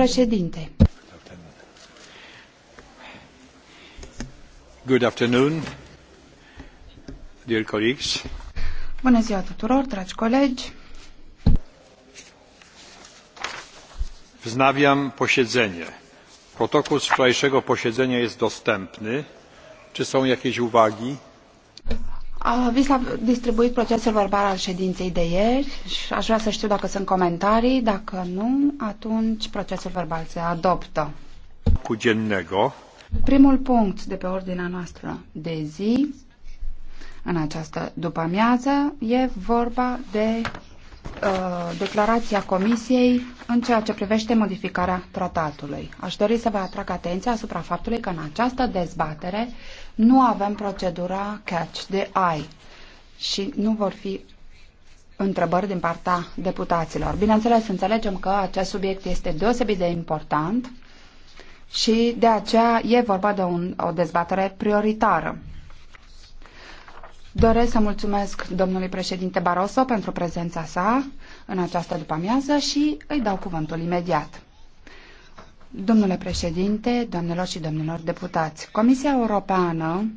președinte. Good afternoon, dear colleagues. Bună ziua tuturor, dragi colegi. Wznawiam posiedzenie. Protokół z wczorajszego posiedzenia jest dostępny. Czy są jakieś uwagi? Vi s-a distribuit procesul verbal al ședinței de ieri și aș vrea să știu dacă sunt comentarii. Dacă nu, atunci procesul verbal se adoptă. Cu nego. Primul punct de pe ordinea noastră de zi în această după-amiază e vorba de uh, declarația Comisiei în ceea ce privește modificarea tratatului. Aș dori să vă atrag atenția asupra faptului că în această dezbatere nu avem procedura catch the eye și nu vor fi întrebări din partea deputaților. Bineînțeles, înțelegem că acest subiect este deosebit de important și de aceea e vorba de un, o dezbatere prioritară. Doresc să mulțumesc domnului președinte Barroso pentru prezența sa în această după-amiază și îi dau cuvântul imediat. Domnule președinte, doamnelor și domnilor deputați, Comisia Europeană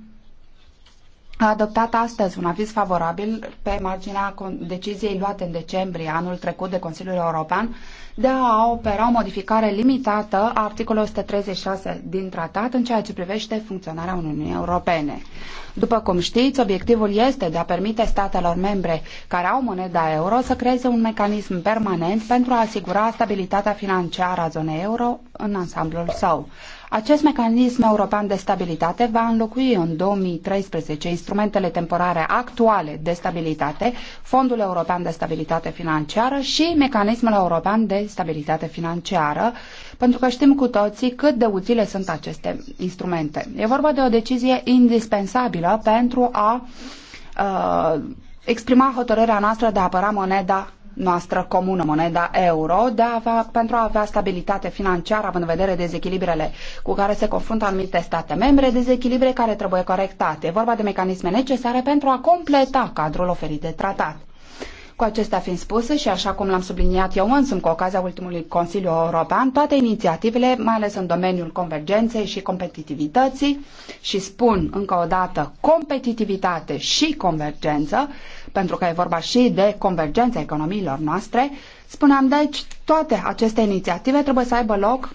a adoptat astăzi un aviz favorabil pe marginea deciziei luate în decembrie anul trecut de Consiliul European de a opera o modificare limitată a articolului 136 din tratat în ceea ce privește funcționarea Uniunii Europene. După cum știți, obiectivul este de a permite statelor membre care au moneda euro să creeze un mecanism permanent pentru a asigura stabilitatea financiară a zonei euro în ansamblul său. Acest mecanism european de stabilitate va înlocui în 2013 instrumentele temporare actuale de stabilitate, Fondul European de Stabilitate Financiară și Mecanismul European de Stabilitate Financiară, pentru că știm cu toții cât de utile sunt aceste instrumente. E vorba de o decizie indispensabilă pentru a uh, exprima hotărârea noastră de a apăra moneda noastră comună, moneda euro, de a avea, pentru a avea stabilitate financiară, având în vedere dezechilibrele cu care se confruntă anumite state membre, dezechilibre care trebuie corectate. E vorba de mecanisme necesare pentru a completa cadrul oferit de tratat. Cu acestea fiind spuse și așa cum l-am subliniat eu însumi cu ocazia ultimului Consiliu European, toate inițiativele, mai ales în domeniul convergenței și competitivității, și spun încă o dată competitivitate și convergență, pentru că e vorba și de convergența economiilor noastre, spuneam deci toate aceste inițiative trebuie să aibă loc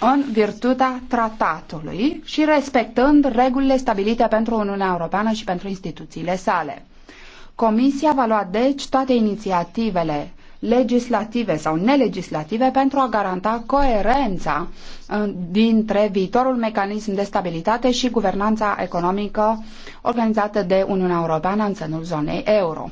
în virtutea tratatului și respectând regulile stabilite pentru Uniunea Europeană și pentru instituțiile sale. Comisia va lua deci toate inițiativele legislative sau nelegislative pentru a garanta coerența uh, dintre viitorul mecanism de stabilitate și guvernanța economică organizată de Uniunea Europeană în sânul zonei euro.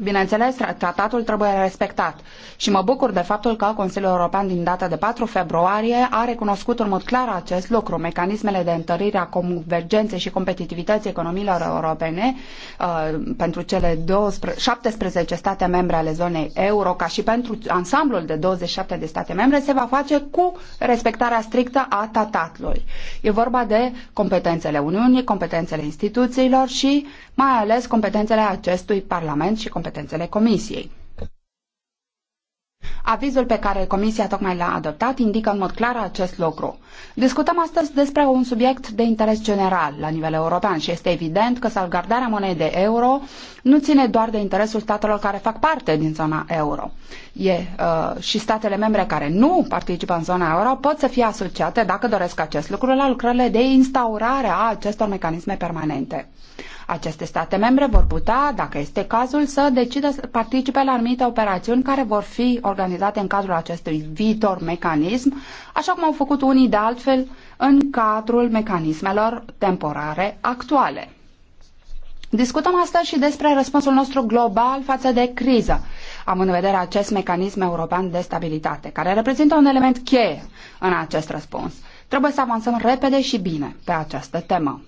Bineînțeles, tratatul trebuie respectat și mă bucur de faptul că Consiliul European din data de 4 februarie a recunoscut în mod clar acest lucru. Mecanismele de întărire a convergenței și competitivității economiilor europene uh, pentru cele 12, 17 state membre ale zonei euro, ca și pentru ansamblul de 27 de state membre, se va face cu respectarea strictă a tratatului. E vorba de competențele Uniunii, competențele instituțiilor și mai ales competențele acestui Parlament și competențele competențele Comisiei. Avizul pe care Comisia tocmai l-a adoptat indică în mod clar acest lucru. Discutăm astăzi despre un subiect de interes general la nivel european și este evident că salvgardarea monedei de euro nu ține doar de interesul statelor care fac parte din zona euro. E, uh, și statele membre care nu participă în zona euro pot să fie asociate, dacă doresc acest lucru, la lucrările de instaurare a acestor mecanisme permanente. Aceste state membre vor putea, dacă este cazul, să decidă să participe la anumite operațiuni care vor fi organizate în cadrul acestui viitor mecanism, așa cum au făcut unii de altfel în cadrul mecanismelor temporare actuale. Discutăm astăzi și despre răspunsul nostru global față de criză. Am în vedere acest mecanism european de stabilitate, care reprezintă un element cheie în acest răspuns. Trebuie să avansăm repede și bine pe această temă.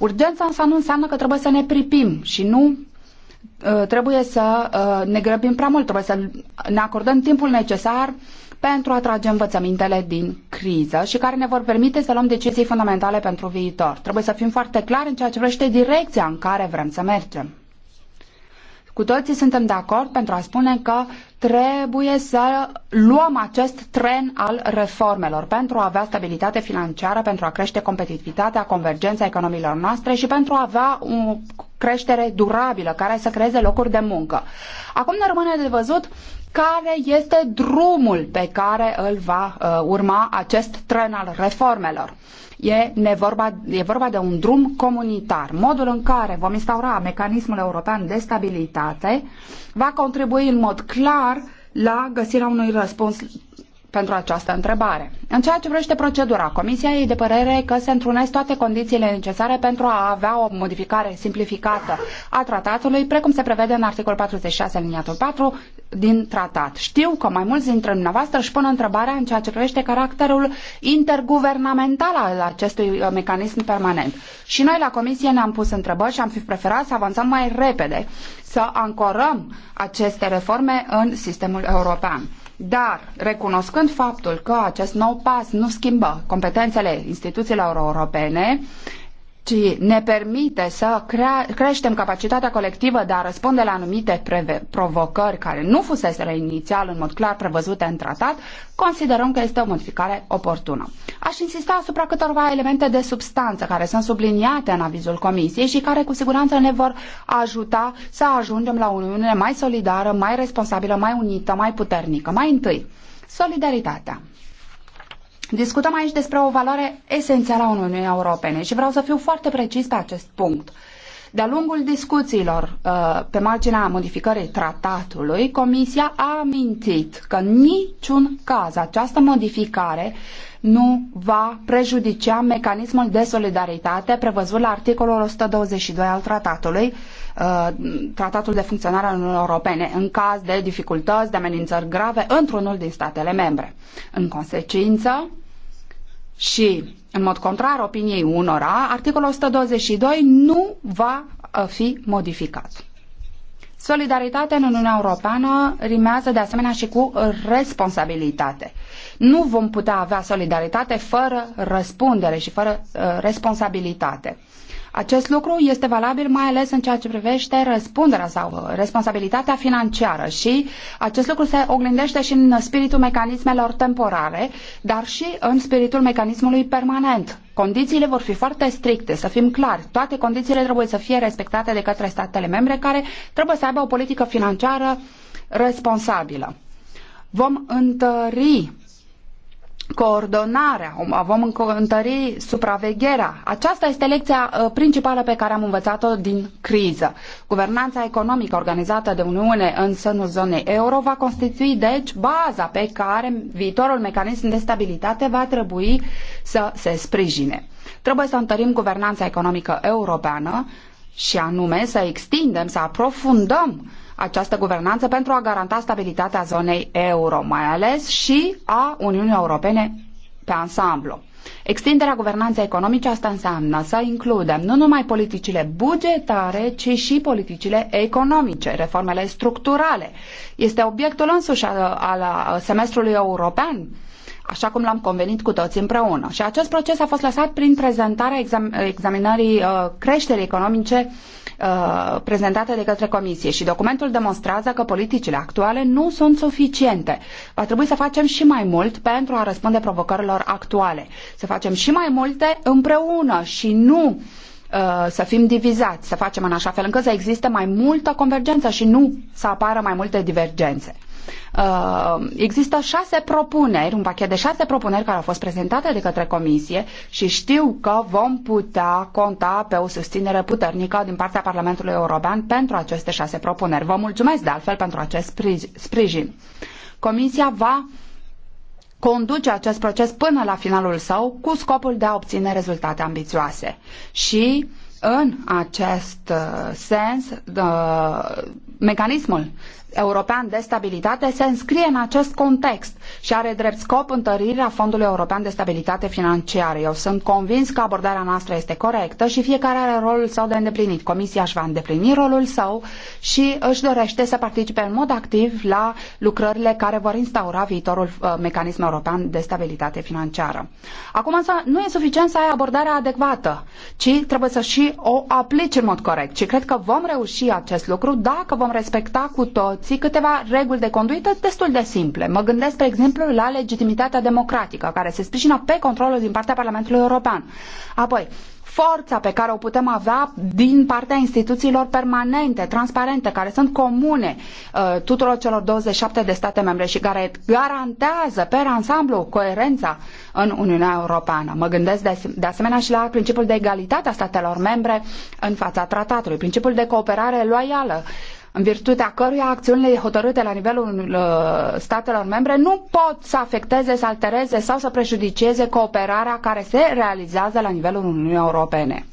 Urgența însă nu înseamnă că trebuie să ne pripim și nu uh, trebuie să uh, ne grăbim prea mult, trebuie să ne acordăm timpul necesar pentru a trage învățămintele din criză și care ne vor permite să luăm decizii fundamentale pentru viitor. Trebuie să fim foarte clari în ceea ce vrește direcția în care vrem să mergem. Cu toții suntem de acord pentru a spune că trebuie să luăm acest tren al reformelor pentru a avea stabilitate financiară, pentru a crește competitivitatea, convergența economiilor noastre și pentru a avea o creștere durabilă care să creeze locuri de muncă. Acum ne rămâne de văzut care este drumul pe care îl va uh, urma acest tren al reformelor. E, ne vorba, e vorba de un drum comunitar. Modul în care vom instaura mecanismul european de stabilitate va contribui în mod clar la găsirea unui răspuns pentru această întrebare. În ceea ce vrește procedura, Comisia e de părere că se întrunesc toate condițiile necesare pentru a avea o modificare simplificată a tratatului, precum se prevede în articolul 46 aliniatul 4 din tratat. Știu că mai mulți dintre dumneavoastră își pun întrebarea în ceea ce privește caracterul interguvernamental al acestui uh, mecanism permanent. Și noi la Comisie ne-am pus întrebări și am fi preferat să avansăm mai repede, să ancorăm aceste reforme în sistemul european. Dar, recunoscând faptul că acest nou pas nu schimbă competențele instituțiilor europene, uh, ci ne permite să crea, creștem capacitatea colectivă de a răspunde la anumite provocări care nu fusese inițial în mod clar prevăzute în tratat, considerăm că este o modificare oportună. Aș insista asupra câtorva elemente de substanță care sunt subliniate în avizul Comisiei și care cu siguranță ne vor ajuta să ajungem la o Uniune mai solidară, mai responsabilă, mai unită, mai puternică. Mai întâi, solidaritatea. Discutăm aici despre o valoare esențială a Uniunii Europene și vreau să fiu foarte precis pe acest punct. De-a lungul discuțiilor uh, pe marginea modificării tratatului, Comisia a amintit că în niciun caz această modificare nu va prejudicia mecanismul de solidaritate prevăzut la articolul 122 al tratatului, uh, tratatul de funcționare al Uniunii Europene, în caz de dificultăți, de amenințări grave într-unul din statele membre. În consecință, și, în mod contrar opiniei unora, articolul 122 nu va uh, fi modificat. Solidaritatea în Uniunea Europeană rimează de asemenea și cu responsabilitate. Nu vom putea avea solidaritate fără răspundere și fără uh, responsabilitate. Acest lucru este valabil mai ales în ceea ce privește răspunderea sau uh, responsabilitatea financiară și acest lucru se oglindește și în spiritul mecanismelor temporare, dar și în spiritul mecanismului permanent. Condițiile vor fi foarte stricte, să fim clari. Toate condițiile trebuie să fie respectate de către statele membre care trebuie să aibă o politică financiară responsabilă. Vom întări coordonarea, um, vom întări supravegherea. Aceasta este lecția uh, principală pe care am învățat-o din criză. Guvernanța economică organizată de Uniune în sânul zonei euro va constitui, deci, baza pe care viitorul mecanism de stabilitate va trebui să se sprijine. Trebuie să întărim guvernanța economică europeană și anume să extindem, să aprofundăm această guvernanță pentru a garanta stabilitatea zonei euro, mai ales și a Uniunii Europene pe ansamblu. Extinderea guvernanței economice asta înseamnă să includem nu numai politicile bugetare, ci și politicile economice, reformele structurale. Este obiectul însuși al, al semestrului european așa cum l-am convenit cu toți împreună. Și acest proces a fost lăsat prin prezentarea exam- examinării uh, creșterii economice uh, Uh, prezentate de către Comisie și documentul demonstrează că politicile actuale nu sunt suficiente. Va trebui să facem și mai mult pentru a răspunde provocărilor actuale. Să facem și mai multe împreună și nu uh, să fim divizați, să facem în așa fel încât să existe mai multă convergență și nu să apară mai multe divergențe. Uh, există șase propuneri, un pachet de șase propuneri care au fost prezentate de către Comisie și știu că vom putea conta pe o susținere puternică din partea Parlamentului European pentru aceste șase propuneri. Vă mulțumesc de altfel pentru acest sprijin. Comisia va conduce acest proces până la finalul său cu scopul de a obține rezultate ambițioase. Și în acest uh, sens uh, Mecanismul european de stabilitate se înscrie în acest context și are drept scop întărirea Fondului European de Stabilitate Financiară. Eu sunt convins că abordarea noastră este corectă și fiecare are rolul său de îndeplinit. Comisia își va îndeplini rolul său și își dorește să participe în mod activ la lucrările care vor instaura viitorul uh, mecanism european de stabilitate financiară. Acum însă nu e suficient să ai abordarea adecvată, ci trebuie să și o aplici în mod corect și cred că vom reuși acest lucru dacă vom vom respecta cu toții câteva reguli de conduită destul de simple. Mă gândesc, spre exemplu, la legitimitatea democratică, care se sprijină pe controlul din partea Parlamentului European. Apoi, forța pe care o putem avea din partea instituțiilor permanente, transparente, care sunt comune uh, tuturor celor 27 de state membre și care garantează pe ansamblu coerența în Uniunea Europeană. Mă gândesc de, de asemenea și la principiul de egalitate a statelor membre în fața tratatului, principiul de cooperare loială, în virtutea căruia acțiunile hotărâte la nivelul uh, statelor membre nu pot să afecteze, să altereze sau să prejudicieze cooperarea care se realizează la nivelul Uniunii Europene.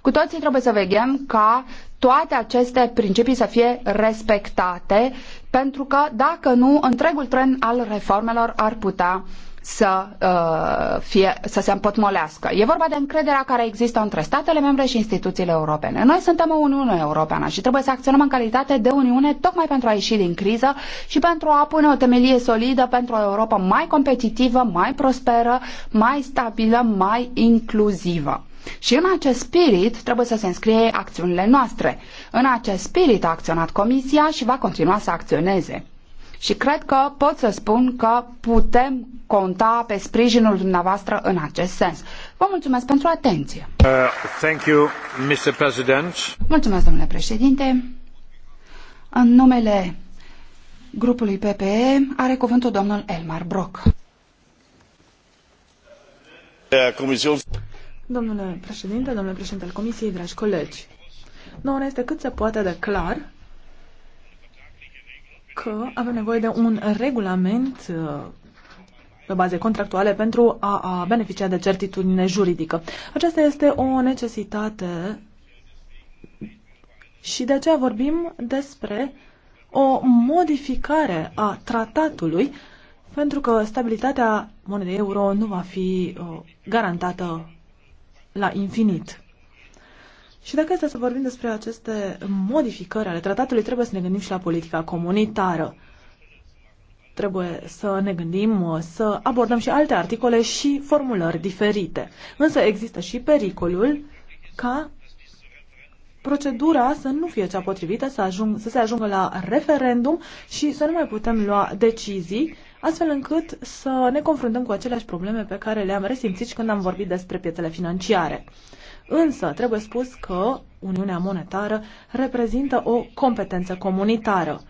Cu toții trebuie să vegem ca toate aceste principii să fie respectate, pentru că, dacă nu, întregul tren al reformelor ar putea să, uh, fie, să se împotmolească. E vorba de încrederea care există între statele membre și instituțiile europene. Noi suntem o Uniune Europeană și trebuie să acționăm în calitate de Uniune tocmai pentru a ieși din criză și pentru a pune o temelie solidă pentru o Europa mai competitivă, mai prosperă, mai stabilă, mai inclusivă. Și în acest spirit trebuie să se înscrie acțiunile noastre. În acest spirit a acționat Comisia și va continua să acționeze. Și cred că pot să spun că putem conta pe sprijinul dumneavoastră în acest sens. Vă mulțumesc pentru atenție. Uh, thank you, Mr. President. Mulțumesc, domnule președinte. În numele grupului PPE are cuvântul domnul Elmar Brock. Domnule președinte, domnule președinte al Comisiei, dragi colegi, nouă este cât se poate de clar că avem nevoie de un regulament uh, pe baze contractuale pentru a, a beneficia de certitudine juridică. Aceasta este o necesitate și de aceea vorbim despre o modificare a tratatului pentru că stabilitatea monedei euro nu va fi uh, garantată la infinit. Și dacă este să vorbim despre aceste modificări ale tratatului, trebuie să ne gândim și la politica comunitară. Trebuie să ne gândim uh, să abordăm și alte articole și formulări diferite. Însă există și pericolul ca procedura să nu fie cea potrivită, să, ajung, să se ajungă la referendum și să nu mai putem lua decizii astfel încât să ne confruntăm cu aceleași probleme pe care le-am resimțit și când am vorbit despre piețele financiare. Însă, trebuie spus că Uniunea Monetară reprezintă o competență comunitară.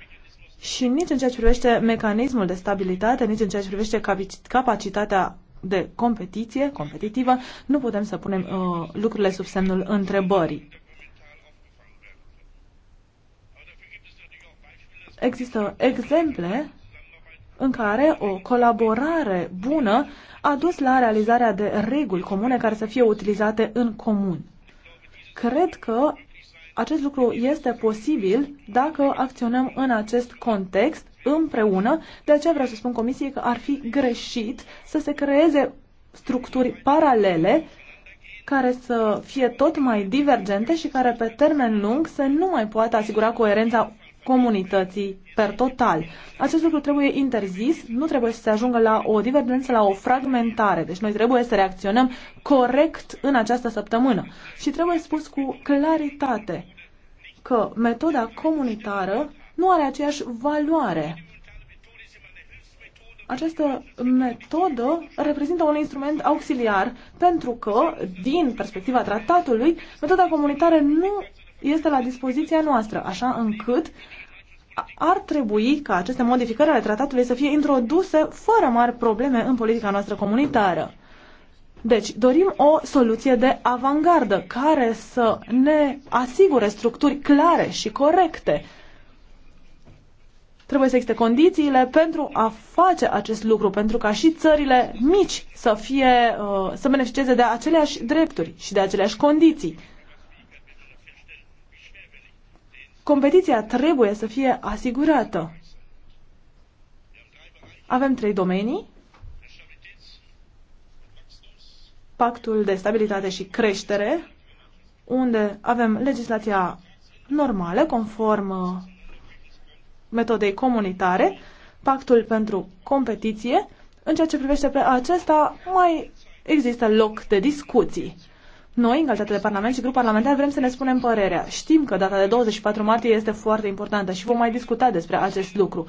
Și nici în ceea ce privește mecanismul de stabilitate, nici în ceea ce privește capacitatea de competiție, competitivă, nu putem să punem uh, lucrurile sub semnul întrebării. Există exemple în care o colaborare bună a dus la realizarea de reguli comune care să fie utilizate în comun. Cred că acest lucru este posibil dacă acționăm în acest context împreună. De aceea vreau să spun Comisiei că ar fi greșit să se creeze structuri paralele care să fie tot mai divergente și care pe termen lung să nu mai poată asigura coerența comunității per total. Acest lucru trebuie interzis, nu trebuie să se ajungă la o divergență, la o fragmentare. Deci noi trebuie să reacționăm corect în această săptămână. Și trebuie spus cu claritate că metoda comunitară nu are aceeași valoare. Această metodă reprezintă un instrument auxiliar pentru că, din perspectiva tratatului, metoda comunitară nu este la dispoziția noastră, așa încât ar trebui ca aceste modificări ale tratatului să fie introduse fără mari probleme în politica noastră comunitară. Deci, dorim o soluție de avangardă care să ne asigure structuri clare și corecte. Trebuie să existe condițiile pentru a face acest lucru, pentru ca și țările mici să, fie, uh, să beneficieze de aceleași drepturi și de aceleași condiții. Competiția trebuie să fie asigurată. Avem trei domenii. Pactul de stabilitate și creștere, unde avem legislația normală, conform uh, metodei comunitare, pactul pentru competiție. În ceea ce privește pe acesta, mai există loc de discuții. Noi, în calitate de Parlament și grup parlamentar, vrem să ne spunem părerea. Știm că data de 24 martie este foarte importantă și vom mai discuta despre acest lucru.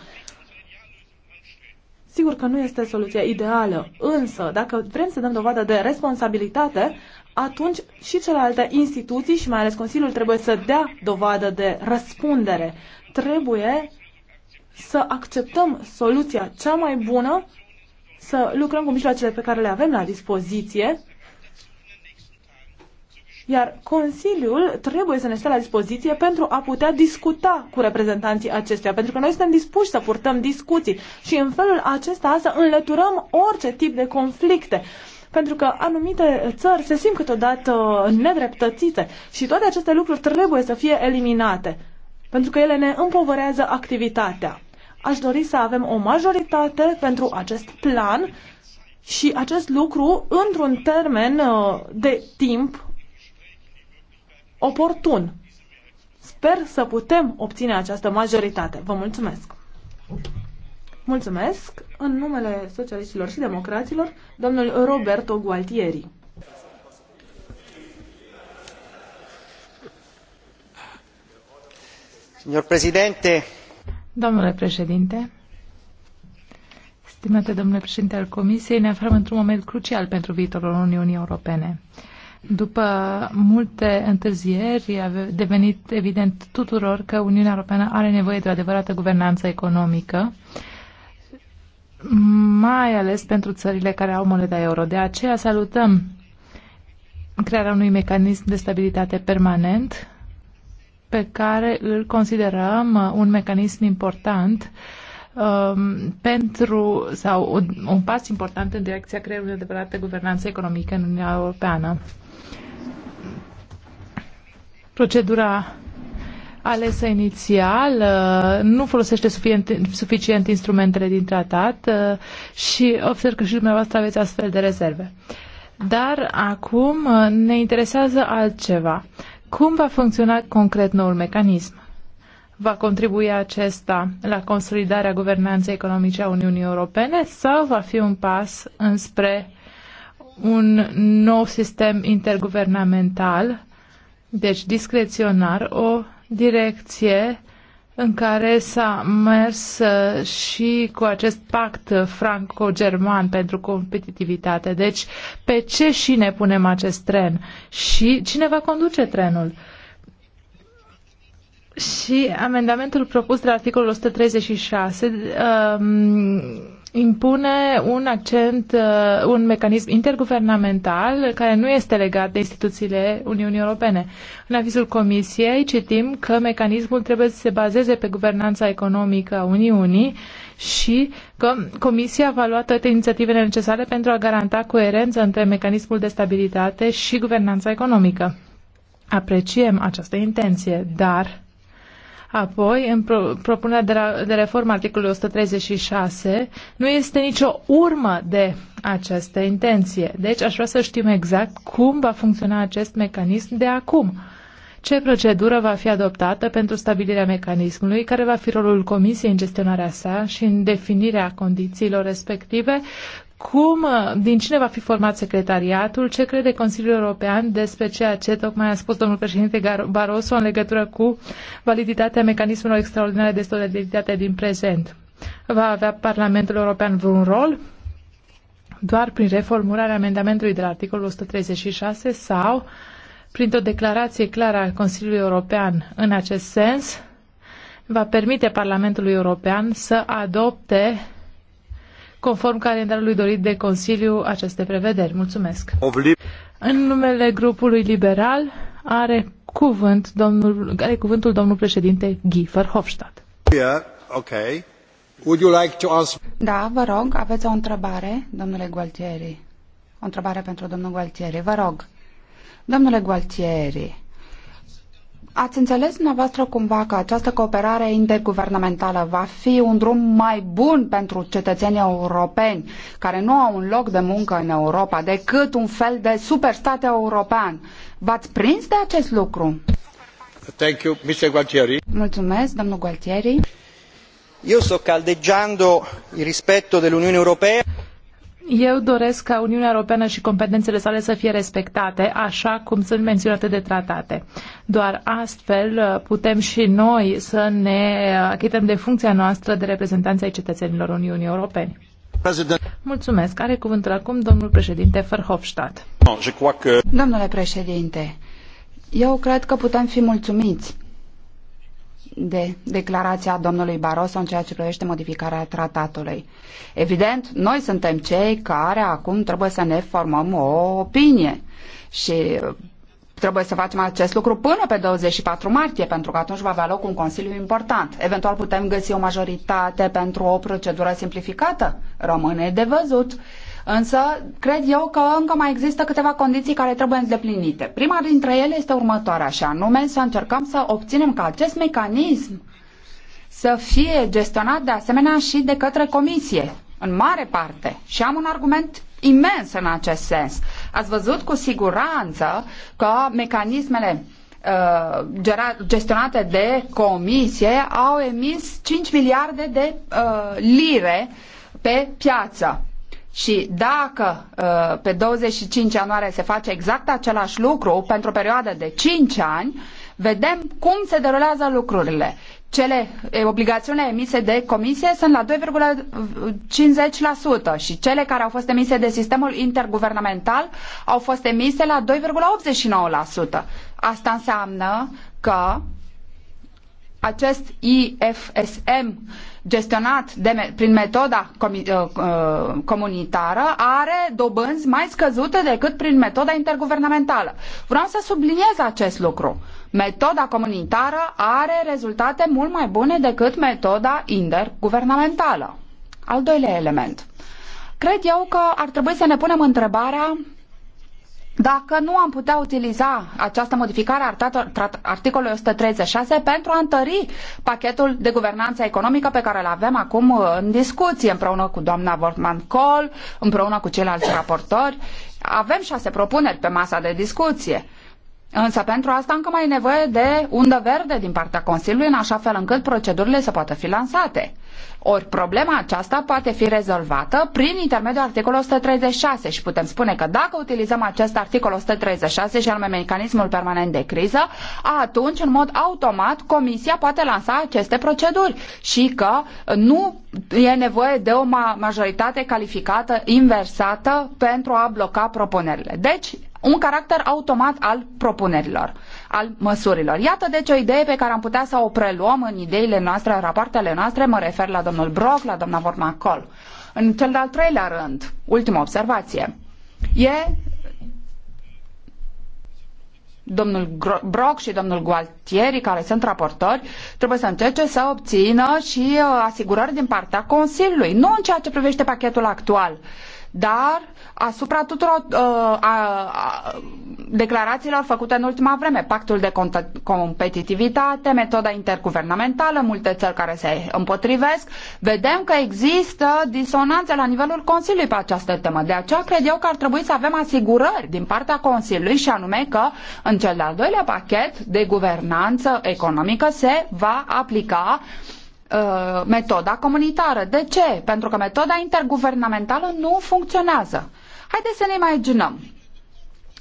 Sigur că nu este soluția ideală, însă dacă vrem să dăm dovadă de responsabilitate, atunci și celelalte instituții și mai ales Consiliul trebuie să dea dovadă de răspundere. Trebuie să acceptăm soluția cea mai bună, să lucrăm cu mijloacele pe care le avem la dispoziție iar Consiliul trebuie să ne stea la dispoziție pentru a putea discuta cu reprezentanții acestuia, pentru că noi suntem dispuși să purtăm discuții și în felul acesta să înlăturăm orice tip de conflicte pentru că anumite țări se simt câteodată nedreptățite și toate aceste lucruri trebuie să fie eliminate, pentru că ele ne împovărează activitatea. Aș dori să avem o majoritate pentru acest plan și acest lucru într-un termen uh, de timp oportun. Sper să putem obține această majoritate. Vă mulțumesc! Mulțumesc în numele socialiștilor și democraților, domnul Roberto Gualtieri. președinte, Domnule președinte, stimate domnule președinte al Comisiei, ne aflăm într-un moment crucial pentru viitorul Uniunii Europene. După multe întârzieri, a devenit evident tuturor că Uniunea Europeană are nevoie de o adevărată guvernanță economică, mai ales pentru țările care au moneda euro. De aceea salutăm crearea unui mecanism de stabilitate permanent pe care îl considerăm un mecanism important um, pentru sau un, un pas important în direcția creierului de adevărată guvernanță economică în Uniunea Europeană. Procedura alesă inițial uh, nu folosește suficient, suficient instrumentele din tratat uh, și observ că și dumneavoastră aveți astfel de rezerve. Dar acum uh, ne interesează altceva. Cum va funcționa concret noul mecanism? Va contribui acesta la consolidarea guvernanței economice a Uniunii Europene sau va fi un pas înspre un nou sistem interguvernamental deci discreționar, o direcție în care s-a mers uh, și cu acest pact franco-german pentru competitivitate. Deci, pe ce și ne punem acest tren? Și cine va conduce trenul? Și amendamentul propus de la articolul 136 um, impune un accent, uh, un mecanism interguvernamental care nu este legat de instituțiile Uniunii Europene. În avizul Comisiei citim că mecanismul trebuie să se bazeze pe guvernanța economică a Uniunii și că Comisia va lua toate inițiativele necesare pentru a garanta coerență între mecanismul de stabilitate și guvernanța economică. Apreciem această intenție, dar Apoi, în pro- propunerea de, la, de reformă articolului 136, nu este nicio urmă de această intenție. Deci aș vrea să știm exact cum va funcționa acest mecanism de acum. Ce procedură va fi adoptată pentru stabilirea mecanismului, care va fi rolul Comisiei în gestionarea sa și în definirea condițiilor respective, cum, uh, din cine va fi format secretariatul, ce crede Consiliul European despre ceea ce tocmai a spus domnul președinte Barroso în legătură cu validitatea mecanismelor extraordinare de solidaritate din prezent. Va avea Parlamentul European vreun rol? Doar prin reformularea amendamentului de la articolul 136 sau printr-o declarație clară a Consiliului European în acest sens, va permite Parlamentului European să adopte conform calendarului dorit de Consiliu aceste prevederi. Mulțumesc! În numele grupului liberal are, cuvânt domnul, are cuvântul domnul președinte Guy Verhofstadt. Yeah, okay. Would you like to ask... Da, vă rog, aveți o întrebare, domnule Gualtieri. O întrebare pentru domnul Gualtieri, vă rog. Domnule Gualtieri, Ați înțeles dumneavoastră cumva că această cooperare interguvernamentală va fi un drum mai bun pentru cetățenii europeni care nu au un loc de muncă în Europa decât un fel de superstat european. V-ați prins de acest lucru? Thank you, Mr. Gualtieri. Mulțumesc, domnul Gualtieri. Eu sto caldeggiando il rispetto dell'Unione Europea eu doresc ca Uniunea Europeană și competențele sale să fie respectate, așa cum sunt menționate de tratate. Doar astfel uh, putem și noi să ne achităm de funcția noastră de reprezentanță ai cetățenilor Uniunii Europene. President. Mulțumesc. Are cuvântul acum domnul președinte Verhofstadt. Domnule președinte, eu cred că putem fi mulțumiți de declarația domnului Barroso în ceea ce privește modificarea tratatului. Evident, noi suntem cei care acum trebuie să ne formăm o opinie și uh, trebuie să facem acest lucru până pe 24 martie, pentru că atunci va avea loc un consiliu important. Eventual putem găsi o majoritate pentru o procedură simplificată. Rămâne de văzut. Uh, Însă, cred eu că încă mai există câteva condiții care trebuie îndeplinite. Prima dintre ele este următoarea, și anume să încercăm să obținem ca acest mecanism să fie gestionat de asemenea și de către comisie, în mare parte. Și am un argument imens în acest sens. Ați văzut cu siguranță că mecanismele uh, gestionate de comisie au emis 5 miliarde de uh, lire pe piață. Și dacă uh, pe 25 ianuarie se face exact același lucru pentru o perioadă de 5 ani, vedem cum se derulează lucrurile. Cele obligațiuni emise de comisie sunt la 2,50% și cele care au fost emise de sistemul interguvernamental au fost emise la 2,89%. Asta înseamnă că acest IFSM gestionat de, prin metoda uh, uh, comunitară are dobânzi mai scăzute decât prin metoda interguvernamentală. Vreau să subliniez acest lucru. Metoda comunitară are rezultate mult mai bune decât metoda interguvernamentală. Al doilea element. Cred eu că ar trebui să ne punem întrebarea dacă nu am putea utiliza această modificare a articolului 136 pentru a întări pachetul de guvernanță economică pe care îl avem acum uh, în discuție împreună cu doamna Wortman Kohl, împreună cu ceilalți raportori. Avem șase propuneri pe masa de discuție Însă pentru asta încă mai e nevoie de undă verde din partea Consiliului, în așa fel încât procedurile să poată fi lansate. Ori problema aceasta poate fi rezolvată prin intermediul articolului 136 și putem spune că dacă utilizăm acest articol 136 și anume mecanismul permanent de criză, atunci în mod automat Comisia poate lansa aceste proceduri și că nu e nevoie de o majoritate calificată inversată pentru a bloca propunerile. Deci, un caracter automat al propunerilor, al măsurilor. Iată deci o idee pe care am putea să o preluăm în ideile noastre, în rapoartele noastre, mă refer la domnul Brock, la doamna Vorma Col. În cel de-al treilea rând, ultima observație, e domnul Brock și domnul Gualtieri, care sunt raportori, trebuie să încerce să obțină și uh, asigurări din partea Consiliului, nu în ceea ce privește pachetul actual, dar asupra tuturor uh, a, a, declarațiilor făcute în ultima vreme. Pactul de competitivitate, metoda interguvernamentală, multe țări care se împotrivesc. Vedem că există disonanțe la nivelul Consiliului pe această temă. De aceea cred eu că ar trebui să avem asigurări din partea Consiliului și anume că în cel de-al doilea pachet de guvernanță economică se va aplica uh, Uh, metoda comunitară. De ce? Pentru că metoda interguvernamentală nu funcționează. Haideți să ne imaginăm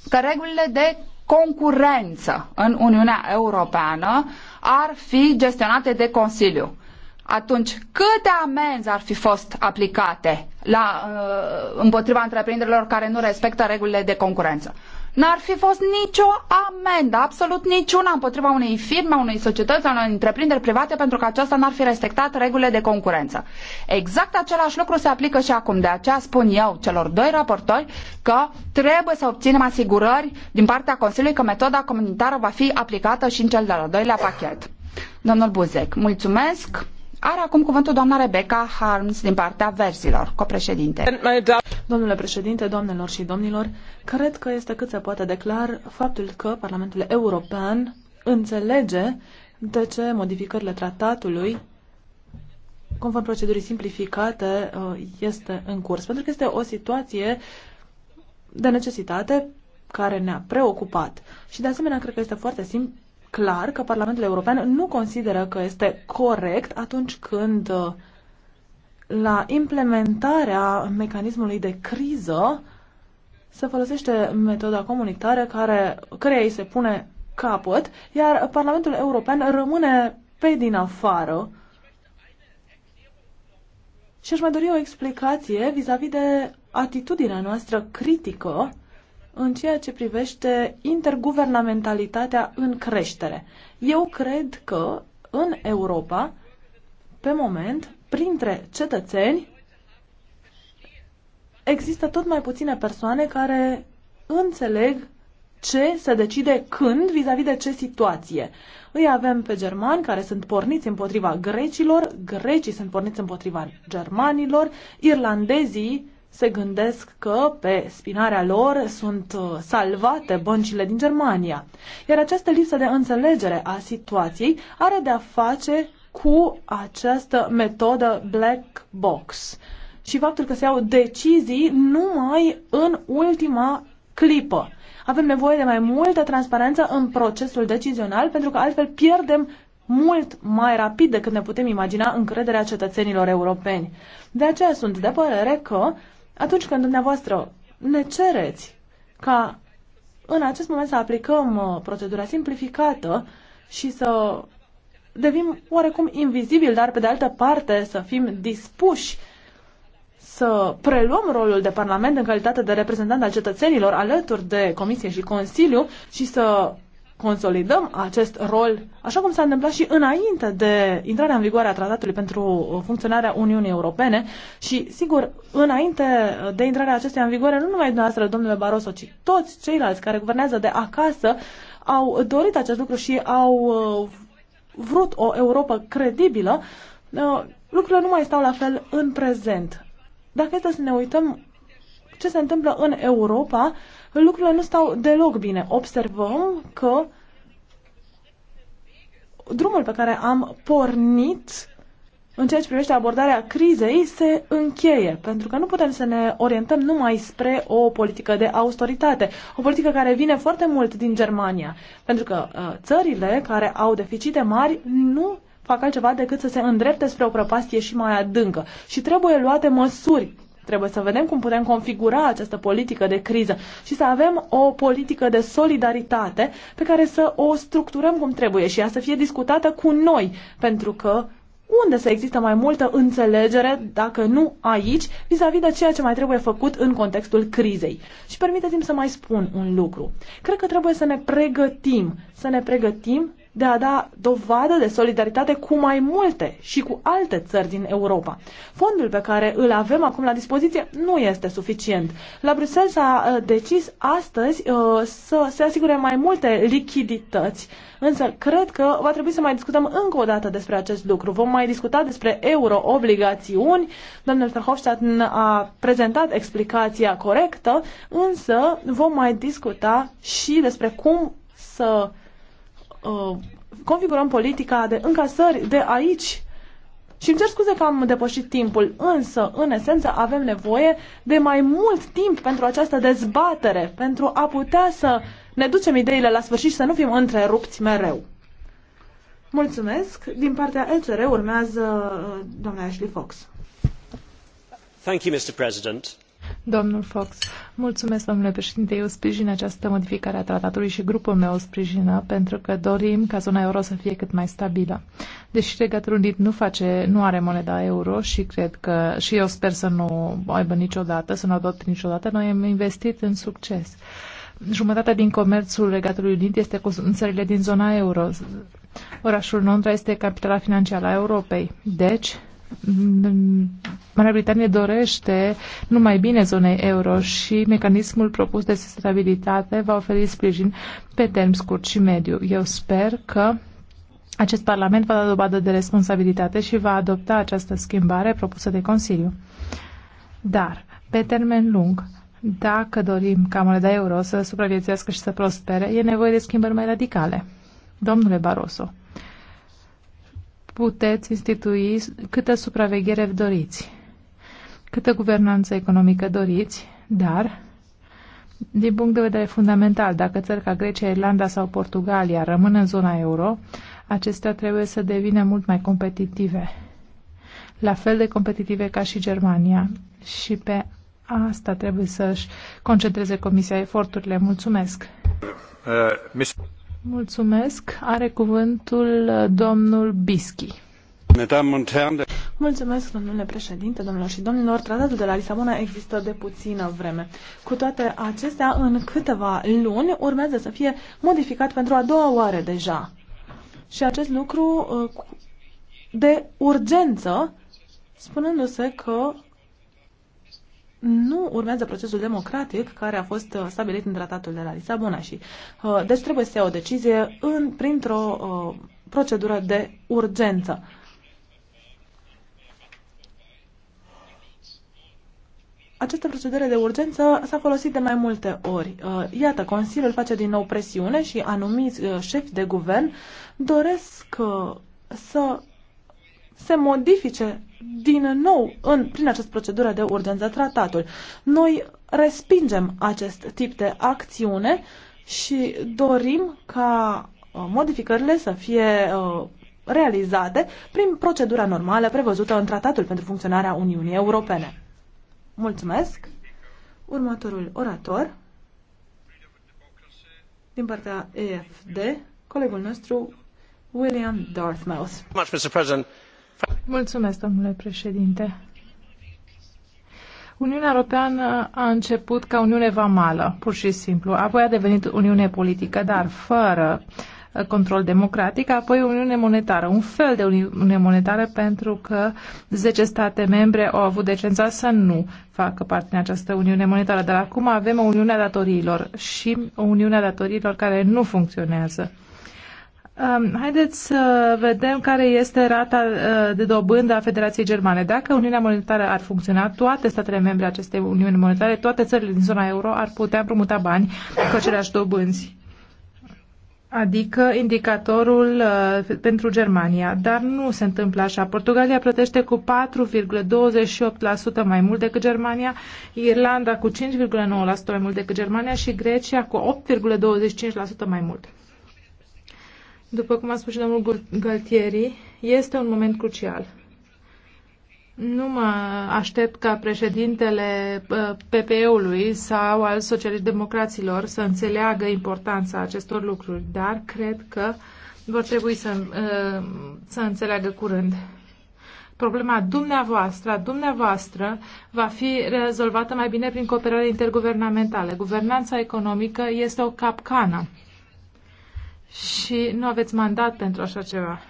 că regulile de concurență în Uniunea Europeană ar fi gestionate de Consiliu. Atunci, câte amenzi ar fi fost aplicate la, uh, împotriva întreprinderilor care nu respectă regulile de concurență? N-ar fi fost nicio amendă, absolut niciuna împotriva unei firme, unei societăți, a unei întreprinderi private pentru că aceasta n-ar fi respectat regulile de concurență. Exact același lucru se aplică și acum. De aceea spun eu celor doi raportori că trebuie să obținem asigurări din partea Consiliului că metoda comunitară va fi aplicată și în cel de-al doilea pachet. Domnul Buzek, mulțumesc. Are acum cuvântul doamna Rebecca Harms din partea verzilor, copreședinte. Domnule președinte, doamnelor și domnilor, cred că este cât se poate declar faptul că Parlamentul European înțelege de ce modificările tratatului conform procedurii simplificate uh, este în curs, pentru că este o situație de necesitate care ne-a preocupat. Și de asemenea, cred că este foarte simplu clar că Parlamentul European nu consideră că este corect atunci când uh, la implementarea mecanismului de criză se folosește metoda comunitară care, care ei se pune capăt, iar Parlamentul European rămâne pe din afară și aș mai dori o explicație vis-a-vis -vis de atitudinea noastră critică în ceea ce privește interguvernamentalitatea în creștere. Eu cred că în Europa, pe moment, printre cetățeni, există tot mai puține persoane care înțeleg ce se decide când vis-a-vis -vis de ce situație. Îi avem pe germani care sunt porniți împotriva grecilor, grecii sunt porniți împotriva germanilor, irlandezii se gândesc că pe spinarea lor sunt uh, salvate băncile din Germania. Iar această lipsă de înțelegere a situației are de-a face cu această metodă black box și faptul că se iau decizii numai în ultima clipă. Avem nevoie de mai multă transparență în procesul decizional pentru că altfel pierdem mult mai rapid decât ne putem imagina încrederea cetățenilor europeni. De aceea sunt de părere că atunci când dumneavoastră ne cereți ca în acest moment să aplicăm uh, procedura simplificată și să devim oarecum invizibili, dar pe de altă parte să fim dispuși să preluăm rolul de Parlament în calitate de reprezentant al cetățenilor alături de Comisie și Consiliu și să consolidăm acest rol, așa cum s-a întâmplat și înainte de intrarea în vigoare a tratatului pentru funcționarea Uniunii Europene și, sigur, înainte de intrarea acesteia în vigoare, nu numai dumneavoastră, domnule Barroso, ci toți ceilalți care guvernează de acasă au dorit acest lucru și au uh, vrut o Europa credibilă, uh, lucrurile nu mai stau la fel în prezent. Dacă este să ne uităm ce se întâmplă în Europa, lucrurile nu stau deloc bine. Observăm că drumul pe care am pornit în ceea ce privește abordarea crizei se încheie, pentru că nu putem să ne orientăm numai spre o politică de austeritate, o politică care vine foarte mult din Germania, pentru că uh, țările care au deficite mari nu fac altceva decât să se îndrepte spre o prăpastie și mai adâncă și trebuie luate măsuri Trebuie să vedem cum putem configura această politică de criză și să avem o politică de solidaritate pe care să o structurăm cum trebuie și ea să fie discutată cu noi, pentru că unde să există mai multă înțelegere, dacă nu aici, vis-a-vis -vis de ceea ce mai trebuie făcut în contextul crizei. Și permiteți-mi să mai spun un lucru. Cred că trebuie să ne pregătim, să ne pregătim de a da dovadă de solidaritate cu mai multe și cu alte țări din Europa. Fondul pe care îl avem acum la dispoziție nu este suficient. La Bruxelles s-a uh, decis astăzi uh, să se asigure mai multe lichidități, însă cred că va trebui să mai discutăm încă o dată despre acest lucru. Vom mai discuta despre euro-obligațiuni. Domnul Verhofstadt a prezentat explicația corectă, însă vom mai discuta și despre cum să Uh, configurăm politica de încasări de aici. Și îmi cer scuze că am depășit timpul, însă, în esență, avem nevoie de mai mult timp pentru această dezbatere, pentru a putea să ne ducem ideile la sfârșit și să nu fim întrerupți mereu. Mulțumesc. Din partea ECR urmează uh, doamna Ashley Fox. Thank you, Mr. President. Domnul Fox, mulțumesc, domnule președinte. Eu sprijin această modificare a tratatului și grupul meu o sprijină pentru că dorim ca zona euro să fie cât mai stabilă. Deși Regatul Unit nu, face, nu are moneda euro și cred că și eu sper să nu o aibă niciodată, să nu o adopt niciodată, noi am investit în succes. Jumătatea din comerțul Regatului Unit este cu țările din zona euro. Orașul Londra este capitala financiară a Europei. Deci, Marea Britanie dorește numai bine zonei euro și mecanismul propus de stabilitate va oferi sprijin pe termen scurt și mediu. Eu sper că acest Parlament va da dovadă de responsabilitate și va adopta această schimbare propusă de Consiliu. Dar, pe termen lung, dacă dorim ca moneda euro să supraviețuiască și să prospere, e nevoie de schimbări mai radicale. Domnule Barroso, puteți institui câtă supraveghere doriți, câtă guvernanță economică doriți, dar, din punct de vedere fundamental, dacă țări ca Grecia, Irlanda sau Portugalia rămân în zona euro, acestea trebuie să devină mult mai competitive, la fel de competitive ca și Germania. Și pe asta trebuie să-și concentreze Comisia eforturile. Mulțumesc! Uh, Mulțumesc. Are cuvântul domnul Bischi. Mulțumesc, domnule președinte, domnilor și domnilor. Tratatul de la Lisabona există de puțină vreme. Cu toate acestea, în câteva luni urmează să fie modificat pentru a doua oară deja. Și acest lucru uh, de urgență, spunându-se că nu urmează procesul democratic care a fost uh, stabilit în tratatul de la Lisabona și uh, deci trebuie să ia o decizie în, printr-o uh, procedură de urgență. Această procedură de urgență s-a folosit de mai multe ori. Uh, iată, Consiliul face din nou presiune și anumiți șefi de guvern doresc să se modifice din nou în, prin această procedură de urgență tratatul. Noi respingem acest tip de acțiune și dorim ca uh, modificările să fie uh, realizate prin procedura normală prevăzută în Tratatul pentru funcționarea Uniunii Europene. Mulțumesc! Următorul orator din partea EFD, colegul nostru William Dartmouth. Mulțumesc, domnule președinte. Uniunea Europeană a început ca Uniune Vamală, pur și simplu. Apoi a devenit Uniune Politică, dar fără uh, control democratic, apoi Uniune Monetară, un fel de Uniune Monetară pentru că 10 state membre au avut decența să nu facă parte din această Uniune Monetară, dar acum avem o Uniune a Datoriilor și o Uniune a Datoriilor care nu funcționează. Haideți să vedem care este rata uh, de dobândă a Federației Germane. Dacă Uniunea Monetară ar funcționa, toate statele membre acestei Uniuni Monetare, toate țările din zona euro ar putea împrumuta bani cu aceleași dobânzi. Adică indicatorul uh, pentru Germania. Dar nu se întâmplă așa. Portugalia plătește cu 4,28% mai mult decât Germania, Irlanda cu 5,9% mai mult decât Germania și Grecia cu 8,25% mai mult după cum a spus și domnul Galtieri, este un moment crucial. Nu mă aștept ca președintele uh, PPE-ului sau al socialist-democraților să înțeleagă importanța acestor lucruri, dar cred că vor trebui să, uh, să înțeleagă curând. Problema dumneavoastră, dumneavoastră, va fi rezolvată mai bine prin cooperare interguvernamentală. Guvernanța economică este o capcană și nu aveți mandat pentru așa ceva.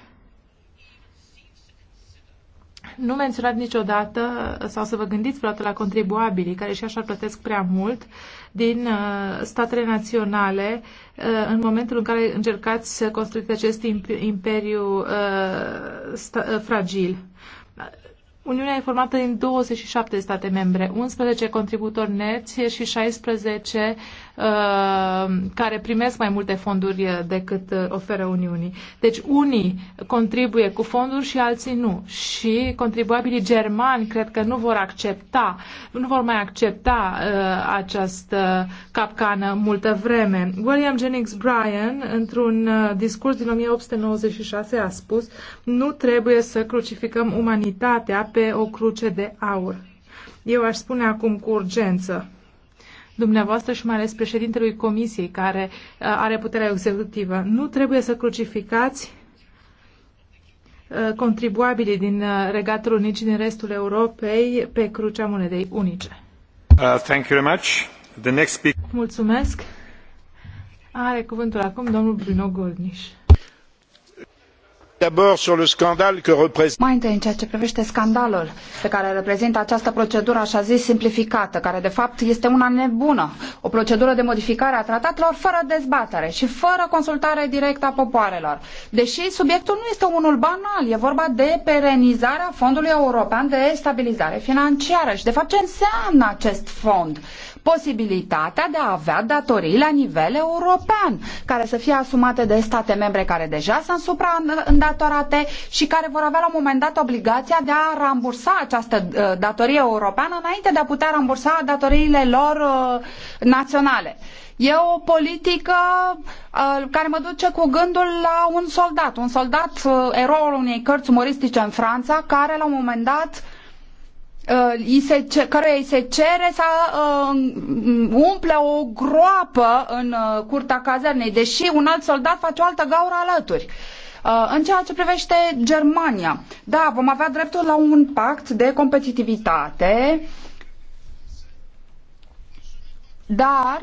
Nu menționat niciodată, sau să vă gândiți vreodată la contribuabilii, care și așa plătesc prea mult, din uh, statele naționale, uh, în momentul în care încercați să construiți acest imperiu uh, uh, fragil. Uniunea e formată din 27 state membre, 11 contributori neți și 16 Uh, care primesc mai multe fonduri uh, decât uh, oferă Uniunii. Deci unii contribuie cu fonduri și alții nu. Și contribuabilii germani cred că nu vor accepta, nu vor mai accepta uh, această capcană multă vreme. William Jennings Bryan, într-un discurs din 1896, a spus nu trebuie să crucificăm umanitatea pe o cruce de aur. Eu aș spune acum cu urgență dumneavoastră și mai ales președintelui Comisiei, care uh, are puterea executivă. Nu trebuie să crucificați uh, contribuabilii din uh, Regatul unic din restul Europei pe crucea monedei unice. Uh, thank you very much. The next speaker... Mulțumesc. Are cuvântul acum domnul Bruno Goldniș. Mai întâi în ceea ce privește scandalul pe care îl reprezintă această procedură așa zis simplificată, care de fapt este una nebună, o procedură de modificare a tratatelor fără dezbatere și fără consultare directă a popoarelor. Deși subiectul nu este unul banal, e vorba de perenizarea Fondului European de Stabilizare Financiară și de fapt ce înseamnă acest fond posibilitatea de a avea datorii la nivel european, care să fie asumate de state membre care deja sunt supraîndatorate și care vor avea la un moment dat obligația de a rambursa această uh, datorie europeană înainte de a putea rambursa datoriile lor uh, naționale. E o politică uh, care mă duce cu gândul la un soldat, un soldat, uh, eroul unei cărți umoristice în Franța, care la un moment dat uh, se, care îi se cere să uh, umple o groapă în uh, curtea cazernei, deși un alt soldat face o altă gaură alături. Uh, în ceea ce privește Germania, da, vom avea dreptul la un pact de competitivitate, dar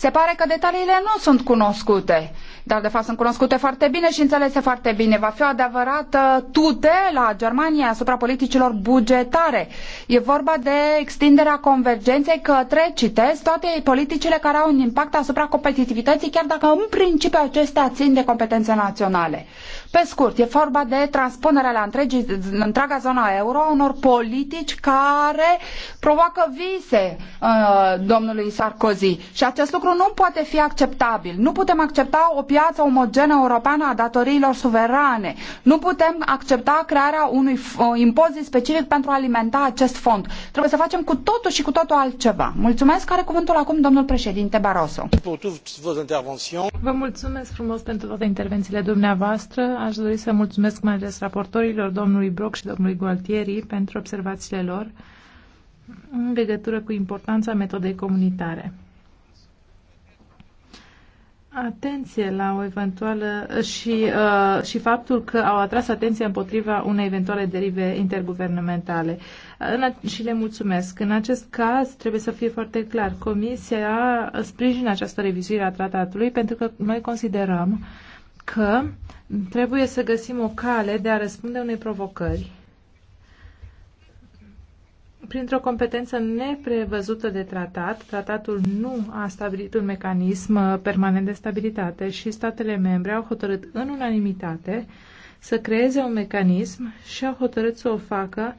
se pare că detaliile nu sunt cunoscute, dar de fapt sunt cunoscute foarte bine și înțelese foarte bine. Va fi o adevărată tutela Germaniei asupra politicilor bugetare. E vorba de extinderea convergenței către, citesc, toate politicile care au un impact asupra competitivității, chiar dacă în principiu acestea țin de competențe naționale. Pe scurt, e vorba de transpunerea la întregii, zonă întreaga zona euro a unor politici care provoacă vise uh, domnului Sarkozy. Și acest lucru nu poate fi acceptabil. Nu putem accepta o piață omogenă europeană a datoriilor suverane. Nu putem accepta crearea unui uh, impozit specific pentru a alimenta acest fond. Trebuie să facem cu totul și cu totul altceva. Mulțumesc. Care cuvântul acum domnul președinte Barroso. Vă mulțumesc frumos pentru toate intervențiile dumneavoastră aș dori să mulțumesc mai ales raportorilor, domnului Brock și domnului Gualtieri, pentru observațiile lor în legătură cu importanța metodei comunitare. Atenție la o eventuală și, uh, și faptul că au atras atenția împotriva unei eventuale derive interguvernamentale. În, și le mulțumesc. În acest caz trebuie să fie foarte clar. Comisia sprijină această revizuire a tratatului pentru că noi considerăm uh, că trebuie să găsim o cale de a răspunde unei provocări printr-o competență neprevăzută de tratat. Tratatul nu a stabilit un mecanism uh, permanent de stabilitate și statele membre au hotărât în unanimitate să creeze un mecanism și au hotărât să o facă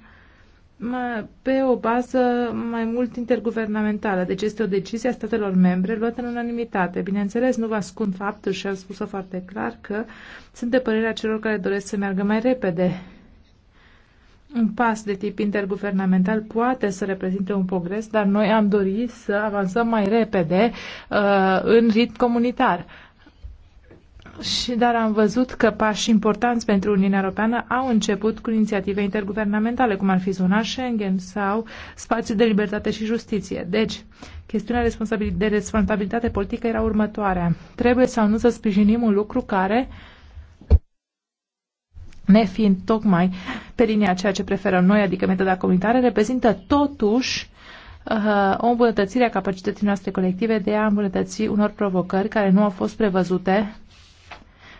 pe o bază mai mult interguvernamentală. Deci este o decizie a statelor membre luată în unanimitate. Bineînțeles, nu vă ascund faptul și am spus-o foarte clar că sunt de părerea celor care doresc să meargă mai repede. Un pas de tip interguvernamental poate să reprezinte un progres, dar noi am dorit să avansăm mai repede uh, în ritm comunitar. Și dar am văzut că pași importanți pentru Uniunea Europeană au început cu inițiative interguvernamentale, cum ar fi zona Schengen sau spațiul de libertate și justiție. Deci, chestiunea de responsabilitate politică era următoarea. Trebuie sau nu să sprijinim un lucru care ne fiind tocmai pe linia ceea ce preferăm noi, adică metoda comunitară, reprezintă totuși uh, o îmbunătățire a capacității noastre colective de a îmbunătăți unor provocări care nu au fost prevăzute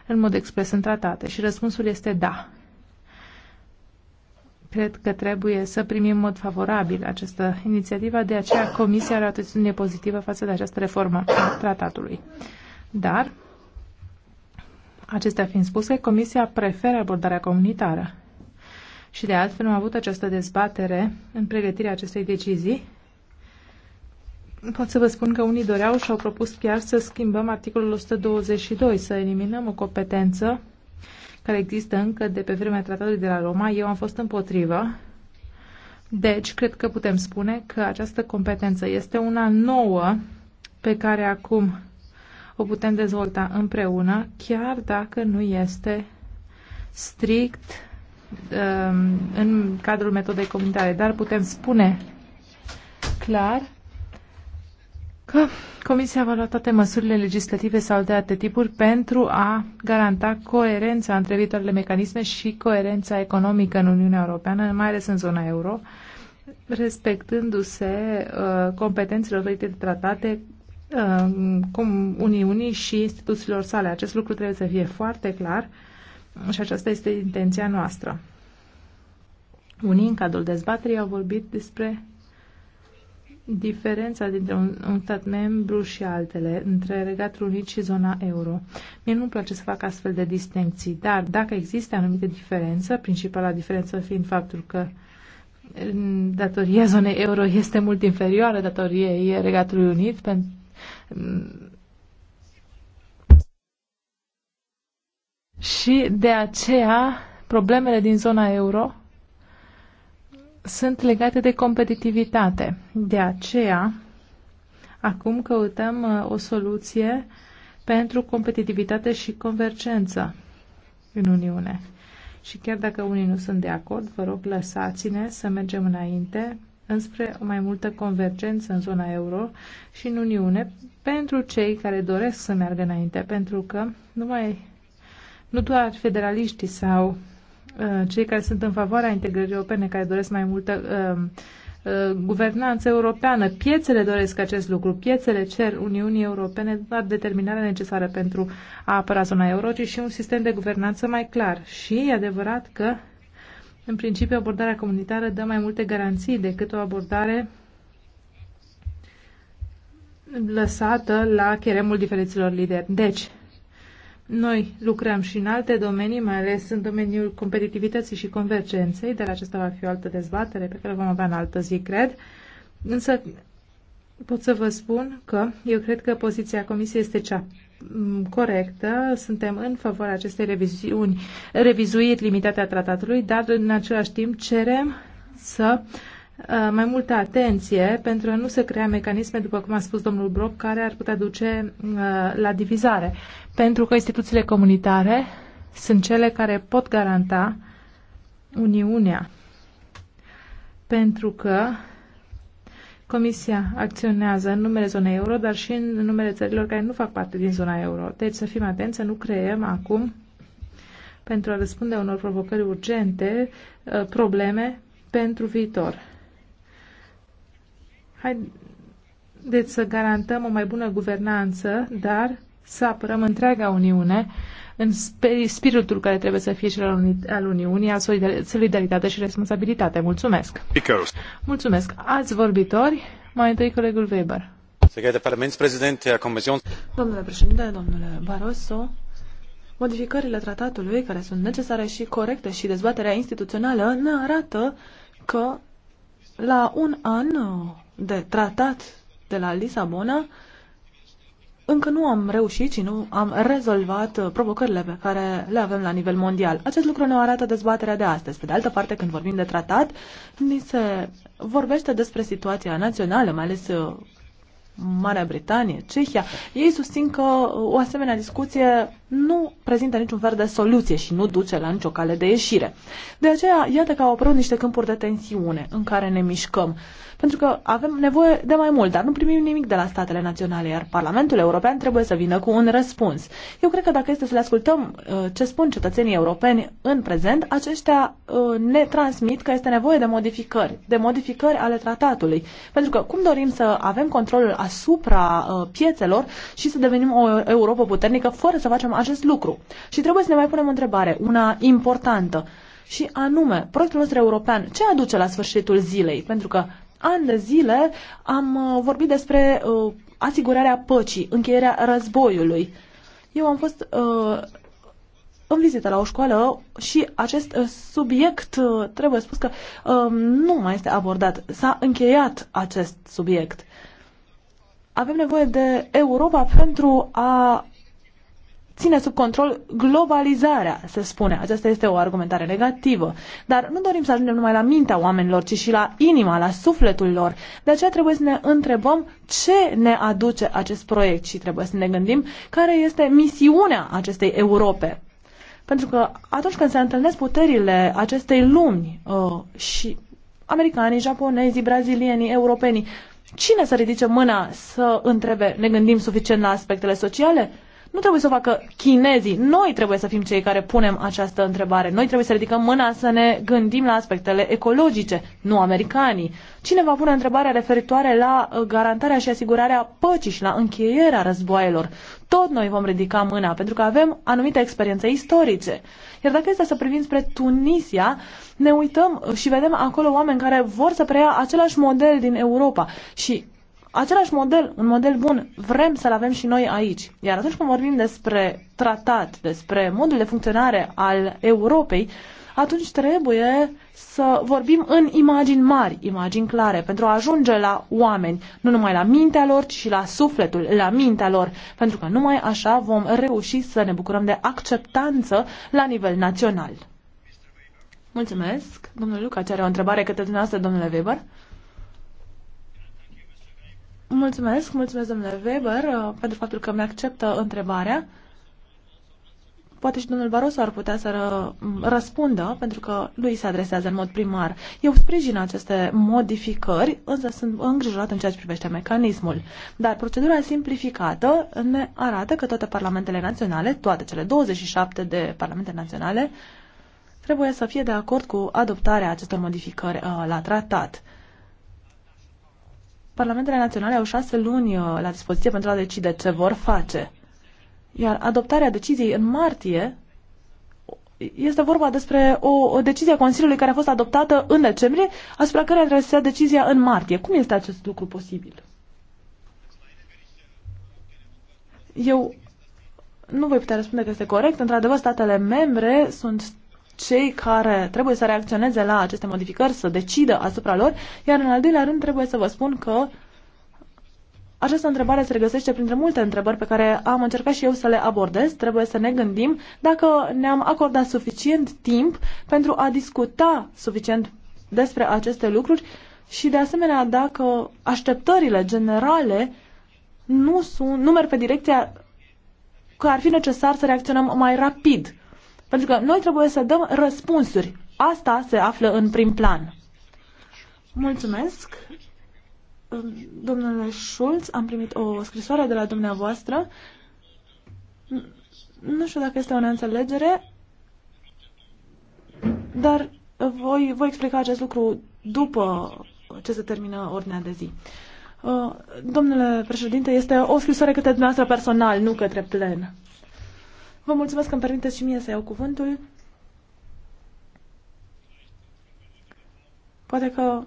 în mod expres în tratate? Și răspunsul este da. Cred că trebuie să primim în mod favorabil această inițiativă, de aceea Comisia are o atitudine pozitivă față de această reformă a tratatului. Dar, acestea fiind spuse, Comisia preferă abordarea comunitară. Și de altfel am avut această dezbatere în pregătirea acestei decizii pot să vă spun că unii doreau și au propus chiar să schimbăm articolul 122, să eliminăm o competență care există încă de pe vremea tratatului de la Roma. Eu am fost împotrivă. Deci, cred că putem spune că această competență este una nouă pe care acum o putem dezvolta împreună, chiar dacă nu este strict um, în cadrul metodei comunitare. Dar putem spune clar că Comisia va lua toate măsurile legislative sau de alte tipuri pentru a garanta coerența între viitoarele mecanisme și coerența economică în Uniunea Europeană, mai ales în zona euro, respectându-se uh, competențele oferite de tratate uh, cum Uniunii și instituțiilor sale. Acest lucru trebuie să fie foarte clar și aceasta este intenția noastră. Unii, în cadrul dezbaterii, au vorbit despre diferența dintre un, un stat membru și altele, între Regatul Unit și zona euro. Mie nu-mi place să fac astfel de distincții, dar dacă există anumite diferențe, principala diferență fiind faptul că datoria zonei euro este mult inferioară datoriei Regatului Unit pentru și de aceea problemele din zona euro sunt legate de competitivitate. De aceea, acum căutăm uh, o soluție pentru competitivitate și convergență în Uniune. Și chiar dacă unii nu sunt de acord, vă rog lăsați-ne să mergem înainte înspre o mai multă convergență în zona euro și în Uniune pentru cei care doresc să meargă înainte, pentru că numai, nu doar federaliștii sau Uh, cei care sunt în favoarea integrării europene, care doresc mai multă uh, uh, guvernanță europeană. Piețele doresc acest lucru. Piețele cer Uniunii Europene doar determinarea necesară pentru a apăra zona euro, ci și un sistem de guvernanță mai clar. Și e adevărat că, în principiu, abordarea comunitară dă mai multe garanții decât o abordare lăsată la cheremul diferiților lideri. Deci, noi lucrăm și în alte domenii, mai ales în domeniul competitivității și convergenței, dar aceasta va fi o altă dezbatere pe care o vom avea în altă zi, cred. Însă pot să vă spun că eu cred că poziția Comisiei este cea mm, corectă, suntem în favoarea acestei revizuiri limitate a tratatului, dar în același timp cerem să uh, Uh, mai multă atenție pentru a nu se crea mecanisme, după cum a spus domnul Broc, care ar putea duce uh, la divizare. Pentru că instituțiile comunitare sunt cele care pot garanta Uniunea. Pentru că Comisia acționează în numele zonei euro, dar și în numele țărilor care nu fac parte din zona euro. Deci să fim atenți să nu creăm acum, pentru a răspunde unor provocări urgente, uh, probleme pentru viitor. Haideți să garantăm o mai bună guvernanță, dar să apărăm întreaga Uniune în spiritul care trebuie să fie cel al, Uniunii, al solidaritate și responsabilitate. Mulțumesc! Because. Mulțumesc! Alți vorbitori, mai întâi colegul Weber. Domnule președinte, domnule Barroso, modificările tratatului, care sunt necesare și corecte și dezbaterea instituțională, ne arată că la un an de tratat de la Lisabona, încă nu am reușit și nu am rezolvat uh, provocările pe care le avem la nivel mondial. Acest lucru ne arată dezbaterea de astăzi. Pe de altă parte, când vorbim de tratat, ni se vorbește despre situația națională, mai ales uh, Marea Britanie, Cehia, ei susțin că uh, o asemenea discuție nu prezintă niciun fel de soluție și nu duce la nicio cale de ieșire. De aceea, iată că au apărut niște câmpuri de tensiune în care ne mișcăm, pentru că avem nevoie de mai mult, dar nu primim nimic de la statele naționale, iar Parlamentul European trebuie să vină cu un răspuns. Eu cred că dacă este să le ascultăm uh, ce spun cetățenii europeni în prezent, aceștia uh, ne transmit că este nevoie de modificări, de modificări ale tratatului, pentru că cum dorim să avem controlul asupra uh, piețelor și să devenim o Europa puternică fără să facem acest lucru. Și trebuie să ne mai punem o întrebare, una importantă, și anume, proiectul nostru european, ce aduce la sfârșitul zilei? Pentru că ani de zile am uh, vorbit despre uh, asigurarea păcii, încheierea războiului. Eu am fost uh, în vizită la o școală și acest uh, subiect, trebuie spus că uh, nu mai este abordat. S-a încheiat acest subiect. Avem nevoie de Europa pentru a ține sub control globalizarea, se spune. Aceasta este o argumentare negativă. Dar nu dorim să ajungem numai la mintea oamenilor, ci și la inima, la sufletul lor. De aceea trebuie să ne întrebăm ce ne aduce acest proiect și trebuie să ne gândim care este misiunea acestei Europe. Pentru că atunci când se întâlnesc puterile acestei lumi uh, și americanii, japonezii, brazilienii, europenii, Cine să ridice mâna să întrebe, ne gândim suficient la aspectele sociale? nu trebuie să o facă chinezii. Noi trebuie să fim cei care punem această întrebare. Noi trebuie să ridicăm mâna să ne gândim la aspectele ecologice, nu americanii. Cine va pune întrebarea referitoare la uh, garantarea și asigurarea păcii și la încheierea războaielor? Tot noi vom ridica mâna, pentru că avem anumite experiențe istorice. Iar dacă este să privim spre Tunisia, ne uităm uh, și vedem acolo oameni care vor să preia același model din Europa și Același model, un model bun, vrem să-l avem și noi aici. Iar atunci când vorbim despre tratat, despre modul de funcționare al Europei, atunci trebuie să vorbim în imagini mari, imagini clare, pentru a ajunge la oameni, nu numai la mintea lor, ci și la sufletul, la mintea lor, pentru că numai așa vom reuși să ne bucurăm de acceptanță la nivel național. Mulțumesc. Domnul Luca, are o întrebare către dumneavoastră, domnule Weber? Mulțumesc, mulțumesc domnule Weber uh, pentru faptul că mi-acceptă întrebarea. Poate și domnul Barroso ar putea să ră, răspundă, pentru că lui se adresează în mod primar. Eu sprijin aceste modificări, însă sunt îngrijorat în ceea ce privește mecanismul. Dar procedura simplificată ne arată că toate parlamentele naționale, toate cele 27 de parlamente naționale, trebuie să fie de acord cu adoptarea acestor modificări uh, la tratat. Parlamentele naționale au șase luni uh, la dispoziție pentru a decide ce vor face. Iar adoptarea deciziei în martie este vorba despre o, o decizie a Consiliului care a fost adoptată în decembrie, asupra care trebuie să ia decizia în martie. Cum este acest lucru posibil? Eu nu voi putea răspunde că este corect. Într-adevăr, statele membre sunt cei care trebuie să reacționeze la aceste modificări, să decidă asupra lor, iar în al doilea rând trebuie să vă spun că această întrebare se regăsește printre multe întrebări pe care am încercat și eu să le abordez. Trebuie să ne gândim dacă ne-am acordat suficient timp pentru a discuta suficient despre aceste lucruri și, de asemenea, dacă așteptările generale nu, sunt, nu merg pe direcția că ar fi necesar să reacționăm mai rapid. Pentru că noi trebuie să dăm răspunsuri. Asta se află în prim plan. Mulțumesc. Domnule Schulz, am primit o scrisoare de la dumneavoastră. Nu știu dacă este o neînțelegere, dar voi, voi explica acest lucru după ce se termină ordinea de zi. Uh, domnule președinte, este o scrisoare către dumneavoastră personal, nu către plen. Vă mulțumesc că îmi permiteți și mie să iau cuvântul. Poate că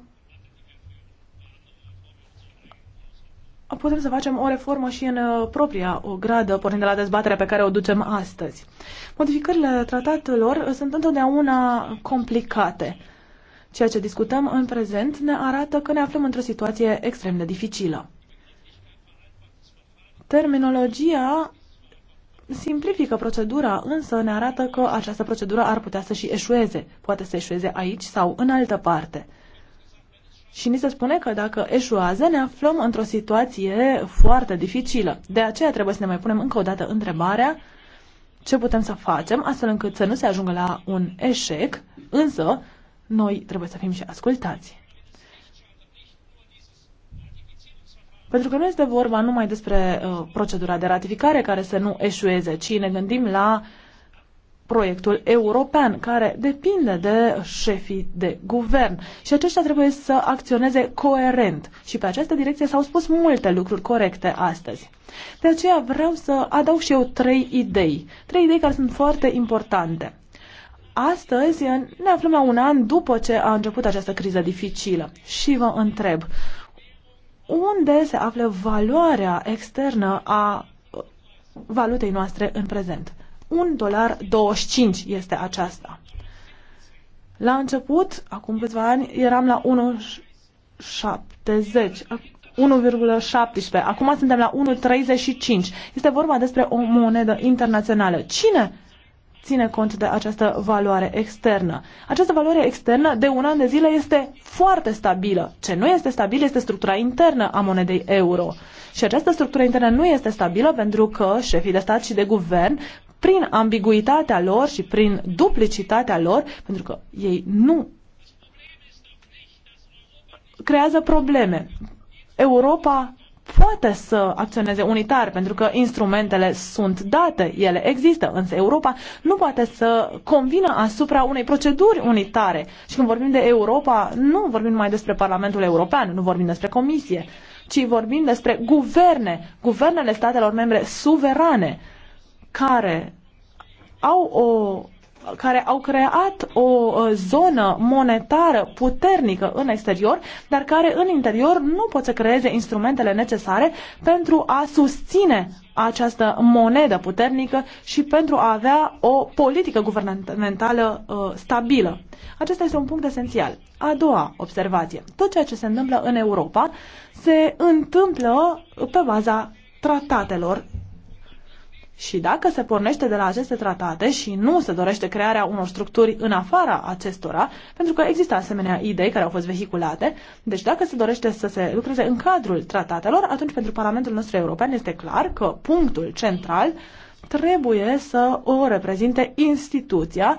putem să facem o reformă și în uh, propria o gradă, pornind de la dezbaterea pe care o ducem astăzi. Modificările tratatelor uh, sunt întotdeauna complicate. Ceea ce discutăm în prezent ne arată că ne aflăm într-o situație extrem de dificilă. Terminologia simplifică procedura, însă ne arată că această procedură ar putea să și eșueze. Poate să eșueze aici sau în altă parte. Și ni se spune că dacă eșuează, ne aflăm într-o situație foarte dificilă. De aceea trebuie să ne mai punem încă o dată întrebarea ce putem să facem astfel încât să nu se ajungă la un eșec, însă noi trebuie să fim și ascultați. Pentru că nu este vorba numai despre uh, procedura de ratificare care să nu eșueze, ci ne gândim la proiectul european, care depinde de șefii de guvern. Și aceștia trebuie să acționeze coerent. Și pe această direcție s-au spus multe lucruri corecte astăzi. De aceea vreau să adaug și eu trei idei. Trei idei care sunt foarte importante. Astăzi ne aflăm la un an după ce a început această criză dificilă. Și vă întreb, unde se află valoarea externă a valutei noastre în prezent. Un dolar 25 este aceasta. La început, acum câțiva ani, eram la 1,70. 1,17. Acum suntem la 1,35. Este vorba despre o monedă internațională. Cine ține cont de această valoare externă. Această valoare externă de un an de zile este foarte stabilă. Ce nu este stabil este structura internă a monedei euro. Și această structură internă nu este stabilă pentru că șefii de stat și de guvern prin ambiguitatea lor și prin duplicitatea lor, pentru că ei nu creează probleme. Europa poate să acționeze unitar, pentru că instrumentele sunt date, ele există, însă Europa nu poate să convină asupra unei proceduri unitare. Și când vorbim de Europa, nu vorbim numai despre Parlamentul European, nu vorbim despre Comisie, ci vorbim despre guverne, guvernele statelor membre suverane, care au o care au creat o uh, zonă monetară puternică în exterior, dar care în interior nu pot să creeze instrumentele necesare pentru a susține această monedă puternică și pentru a avea o politică guvernamentală uh, stabilă. Acesta este un punct esențial. A doua observație. Tot ceea ce se întâmplă în Europa se întâmplă pe baza tratatelor și dacă se pornește de la aceste tratate și nu se dorește crearea unor structuri în afara acestora, pentru că există asemenea idei care au fost vehiculate, deci dacă se dorește să se lucreze în cadrul tratatelor, atunci pentru Parlamentul nostru european este clar că punctul central trebuie să o reprezinte instituția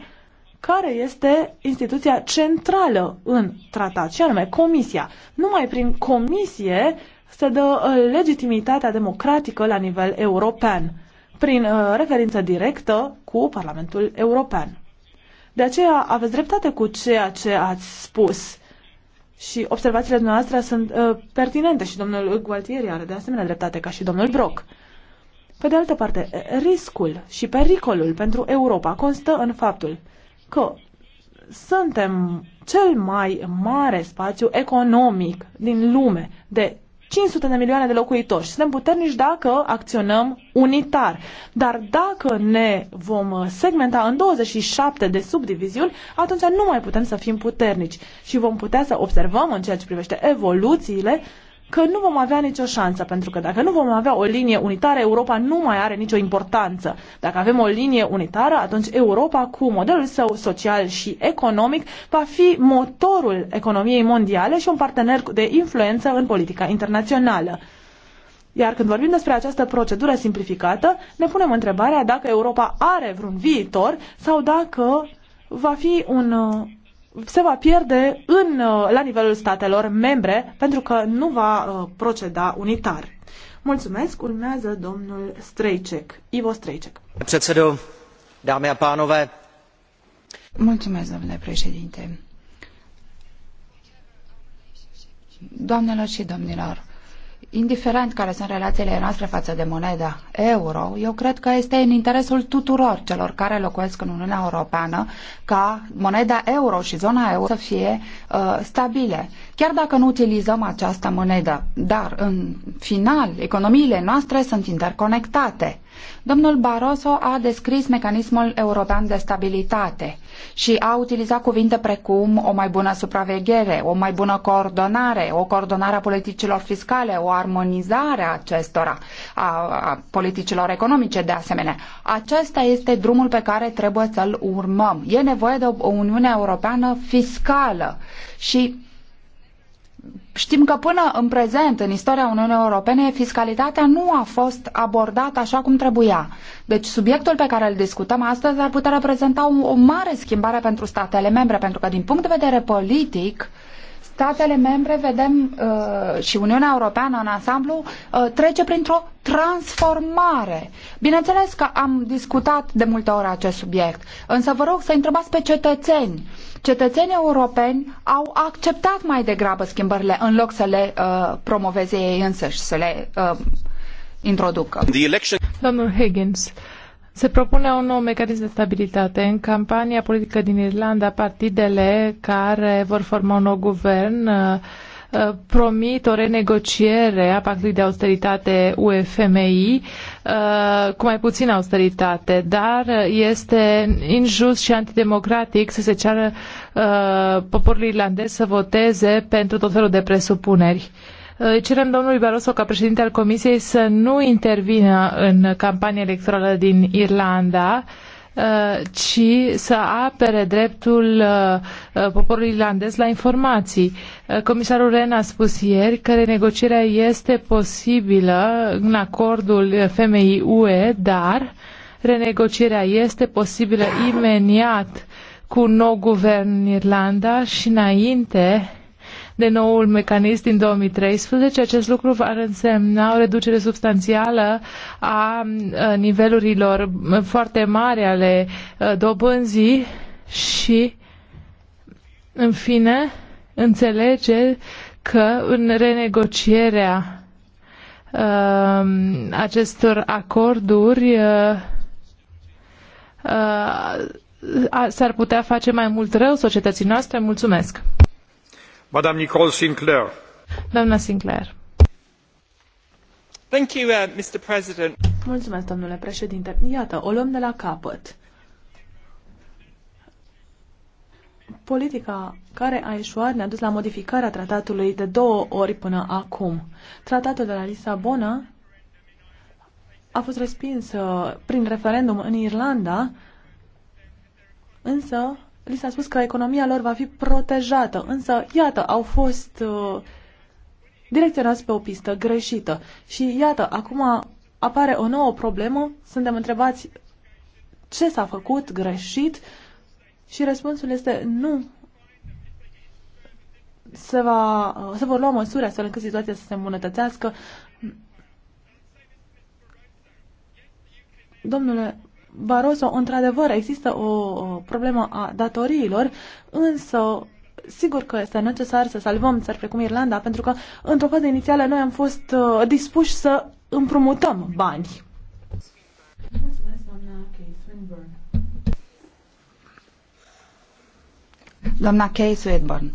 care este instituția centrală în tratat, și anume Comisia. Numai prin Comisie se dă uh, legitimitatea democratică la nivel european prin uh, referință directă cu Parlamentul European. De aceea aveți dreptate cu ceea ce ați spus și observațiile noastre sunt uh, pertinente și domnul Gualtieri are de asemenea dreptate ca și domnul Brock. Pe de altă parte, riscul și pericolul pentru Europa constă în faptul că suntem cel mai mare spațiu economic din lume de 500 de milioane de locuitori. Suntem puternici dacă acționăm unitar. Dar dacă ne vom segmenta în 27 de subdiviziuni, atunci nu mai putem să fim puternici și vom putea să observăm în ceea ce privește evoluțiile că nu vom avea nicio șansă, pentru că dacă nu vom avea o linie unitară, Europa nu mai are nicio importanță. Dacă avem o linie unitară, atunci Europa, cu modelul său social și economic, va fi motorul economiei mondiale și un partener de influență în politica internațională. Iar când vorbim despre această procedură simplificată, ne punem întrebarea dacă Europa are vreun viitor sau dacă va fi un se va pierde în, uh, la nivelul statelor membre pentru că nu va uh, proceda unitar. Mulțumesc, urmează domnul Strejcek, Ivo Strejcek. Předsedo, dámy a pánové. Mulțumesc, domnule președinte. Doamnelor și domnilor, indiferent care sunt relațiile noastre față de moneda euro, eu cred că este în interesul tuturor celor care locuiesc în Uniunea Europeană ca moneda euro și zona euro să fie uh, stabile chiar dacă nu utilizăm această monedă. Dar, în final, economiile noastre sunt interconectate. Domnul Barroso a descris mecanismul european de stabilitate și a utilizat cuvinte precum o mai bună supraveghere, o mai bună coordonare, o coordonare a politicilor fiscale, o armonizare a acestora, a, a politicilor economice de asemenea. Acesta este drumul pe care trebuie să-l urmăm. E nevoie de o Uniune Europeană fiscală și Știm că până în prezent, în istoria Uniunii Europene, fiscalitatea nu a fost abordată așa cum trebuia. Deci subiectul pe care îl discutăm astăzi ar putea reprezenta o, o mare schimbare pentru statele membre, pentru că din punct de vedere politic, statele membre, vedem uh, și Uniunea Europeană în ansamblu, uh, trece printr-o transformare. Bineînțeles că am discutat de multe ori acest subiect, însă vă rog să întrebați pe cetățeni cetățenii europeni au acceptat mai degrabă schimbările în loc să le uh, promoveze ei însăși, să le uh, introducă. Domnul Higgins, se propune un nou mecanism de stabilitate. În campania politică din Irlanda, partidele care vor forma un nou guvern uh, Uh, promit o renegociere a pactului de austeritate UFMi, uh, cu mai puțină austeritate, dar este injust și antidemocratic să se ceară uh, poporului irlandez să voteze pentru tot felul de presupuneri. Cerem domnului Barroso ca președinte al Comisiei să nu intervină în campania electorală din Irlanda, uh, Uh, ci să apere dreptul uh, uh, poporului irlandez la informații. Comisarul Ren a spus ieri că renegocierea este posibilă în acordul FMI UE, dar renegocierea este posibilă imediat cu un nou guvern în Irlanda și înainte de noul mecanism din 2013. Acest lucru ar însemna o reducere substanțială a nivelurilor foarte mari ale dobânzii și, în fine, înțelege că în renegocierea acestor acorduri s-ar putea face mai mult rău societății noastre. Mulțumesc! Sinclair. Doamna Sinclair. Uh, Mulțumesc, domnule președinte. Iată, o luăm de la capăt. Politica care a eșuat ne-a dus la modificarea tratatului de două ori până acum. Tratatul de la Lisabona a fost respins uh, prin referendum în Irlanda, însă li s-a spus că economia lor va fi protejată, însă, iată, au fost uh, direcționați pe o pistă greșită. Și iată, acum apare o nouă problemă, suntem întrebați ce s-a făcut greșit și răspunsul este nu. Se, va, uh, se vor lua măsuri astfel încât situația să se îmbunătățească. Domnule Barroso, într-adevăr, există o problemă a datoriilor, însă sigur că este necesar să salvăm țări precum Irlanda, pentru că într-o fază inițială noi am fost uh, dispuși să împrumutăm bani. doamna Kay Swinburne.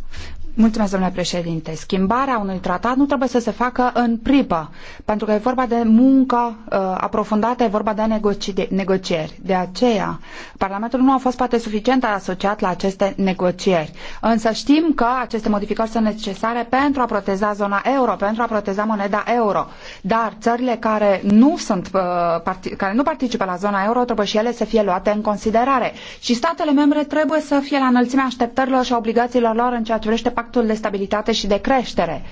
Mulțumesc, domnule președinte. Schimbarea unui tratat nu trebuie să se facă în pripă, pentru că e vorba de muncă uh, aprofundată, e vorba de, negoci- de negocieri. De aceea, Parlamentul nu a fost poate suficient asociat la aceste negocieri. Însă știm că aceste modificări sunt necesare pentru a proteza zona euro, pentru a proteza moneda euro. Dar țările care nu, sunt, uh, care nu participă la zona euro trebuie și ele să fie luate în considerare. Și statele membre trebuie să fie la înălțimea așteptărilor și obligațiilor lor în ceea ce privește pactul de stabilitate și de creștere.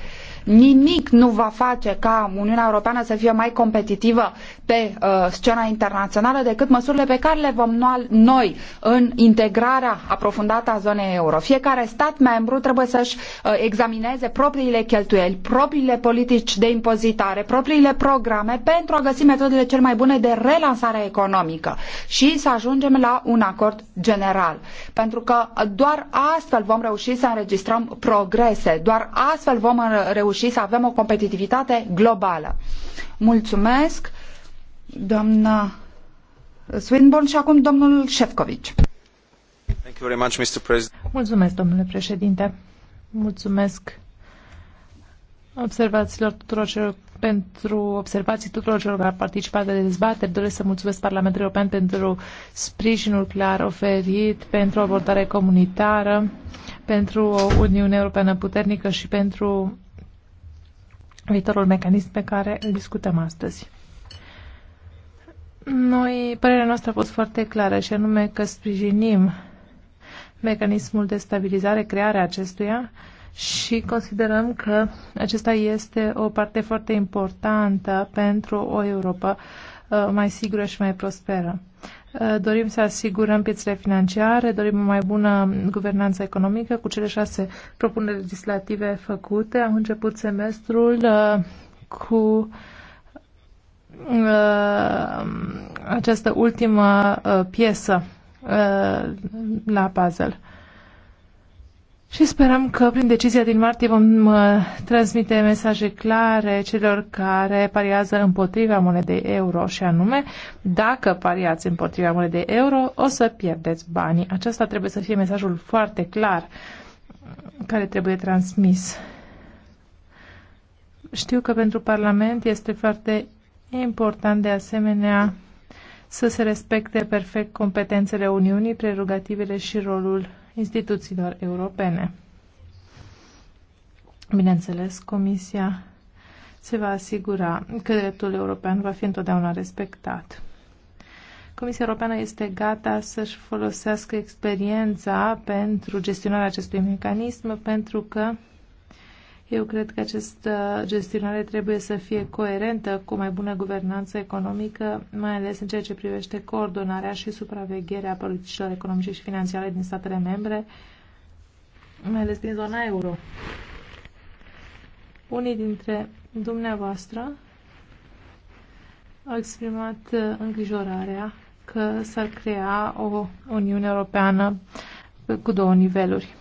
Nimic nu va face ca Uniunea Europeană să fie mai competitivă pe uh, scena internațională decât măsurile pe care le vom lua noi în integrarea aprofundată a zonei euro. Fiecare stat membru trebuie să-și uh, examineze propriile cheltuieli, propriile politici de impozitare, propriile programe pentru a găsi metodele cel mai bune de relansare economică și să ajungem la un acord general. Pentru că doar astfel vom reuși să înregistrăm progrese, doar astfel vom reuși și să avem o competitivitate globală. Mulțumesc, doamna Swinburne și acum domnul Șefcovici. Mulțumesc, domnule președinte. Mulțumesc observațiilor tuturor celor pentru observații tuturor celor care au participat de dezbateri. Doresc să mulțumesc Parlamentului European pentru sprijinul clar oferit, pentru o abordare comunitară, pentru o Uniune Europeană puternică și pentru viitorul mecanism pe care îl discutăm astăzi. Noi, părerea noastră a fost foarte clară și anume că sprijinim mecanismul de stabilizare, crearea acestuia și considerăm că acesta este o parte foarte importantă pentru o Europa uh, mai sigură și mai prosperă. Uh, dorim să asigurăm piețele financiare, dorim o mai bună guvernanță economică cu cele șase propuneri legislative făcute. Am început semestrul uh, cu uh, această ultimă piesă la puzzle sperăm că prin decizia din martie vom uh, transmite mesaje clare celor care pariază împotriva monedei euro și anume, dacă pariați împotriva monedei euro, o să pierdeți banii. Acesta trebuie să fie mesajul foarte clar care trebuie transmis. Știu că pentru Parlament este foarte important de asemenea să se respecte perfect competențele Uniunii, prerogativele și rolul instituțiilor europene. Bineînțeles, Comisia se va asigura că dreptul european va fi întotdeauna respectat. Comisia Europeană este gata să-și folosească experiența pentru gestionarea acestui mecanism, pentru că eu cred că această gestionare trebuie să fie coerentă cu mai bună guvernanță economică, mai ales în ceea ce privește coordonarea și supravegherea politicilor economice și financiare din statele membre, mai ales din zona euro. Unii dintre dumneavoastră au exprimat îngrijorarea că s-ar crea o Uniune Europeană cu două niveluri.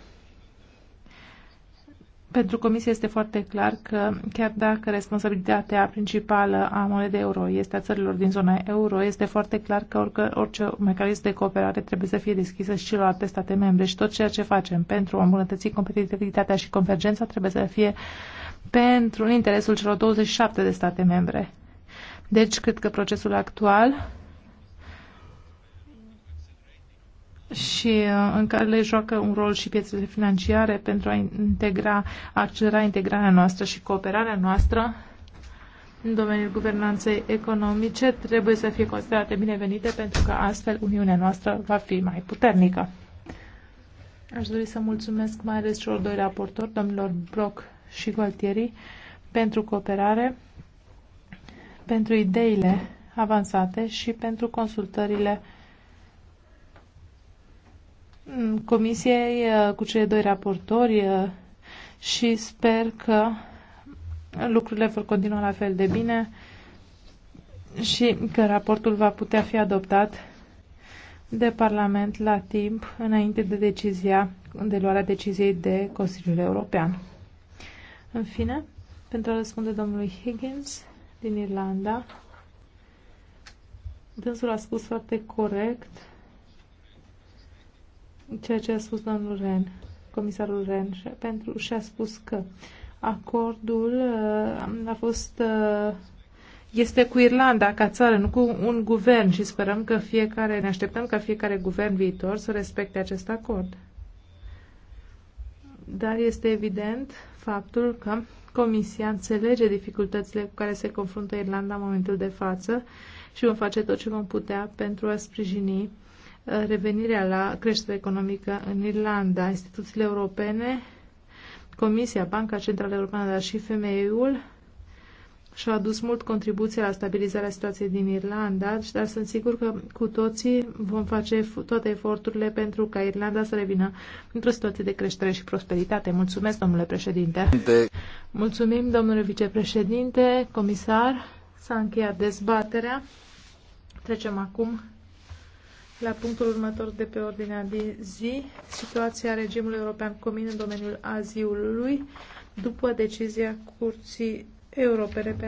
Pentru Comisie este foarte clar că, chiar dacă responsabilitatea principală a monedei euro este a țărilor din zona euro, este foarte clar că orică, orice mecanism de cooperare trebuie să fie deschisă și celorlalte state membre și tot ceea ce facem pentru a îmbunătăți competitivitatea și convergența trebuie să fie pentru în interesul celor 27 de state membre. Deci, cred că procesul actual și uh, în care le joacă un rol și piețele financiare pentru a integra, a accelera integrarea noastră și cooperarea noastră în domeniul guvernanței economice trebuie să fie considerate binevenite pentru că astfel Uniunea noastră va fi mai puternică. Aș dori să mulțumesc mai ales celor doi raportori, domnilor Brock și Gualtieri, pentru cooperare, pentru ideile avansate și pentru consultările Mm, comisiei uh, cu cei doi raportori uh, și sper că lucrurile vor continua la fel de bine și că raportul va putea fi adoptat de Parlament la timp înainte de decizia de luarea deciziei de Consiliul European. În fine, pentru a răspunde domnului Higgins din Irlanda, dânsul a spus foarte corect ceea ce a spus domnul Ren, comisarul Ren, pentru și-a spus că acordul uh, a fost uh, este cu Irlanda ca țară, nu cu un guvern și sperăm că fiecare, ne așteptăm ca fiecare guvern viitor să respecte acest acord. Dar este evident faptul că Comisia înțelege dificultățile cu care se confruntă Irlanda în momentul de față și vom face tot ce vom putea pentru a sprijini revenirea la creșterea economică în Irlanda. Instituțiile europene, Comisia, Banca Centrală Europeană, dar și femeiul și-au adus mult contribuție la stabilizarea situației din Irlanda, dar sunt sigur că cu toții vom face toate eforturile pentru ca Irlanda să revină într-o situație de creștere și prosperitate. Mulțumesc, domnule președinte! De... Mulțumim, domnule vicepreședinte, comisar. S-a încheiat dezbaterea. Trecem acum la punctul următor de pe ordinea de zi, situația regimului european comin în domeniul aziului, după decizia Curții Europene pentru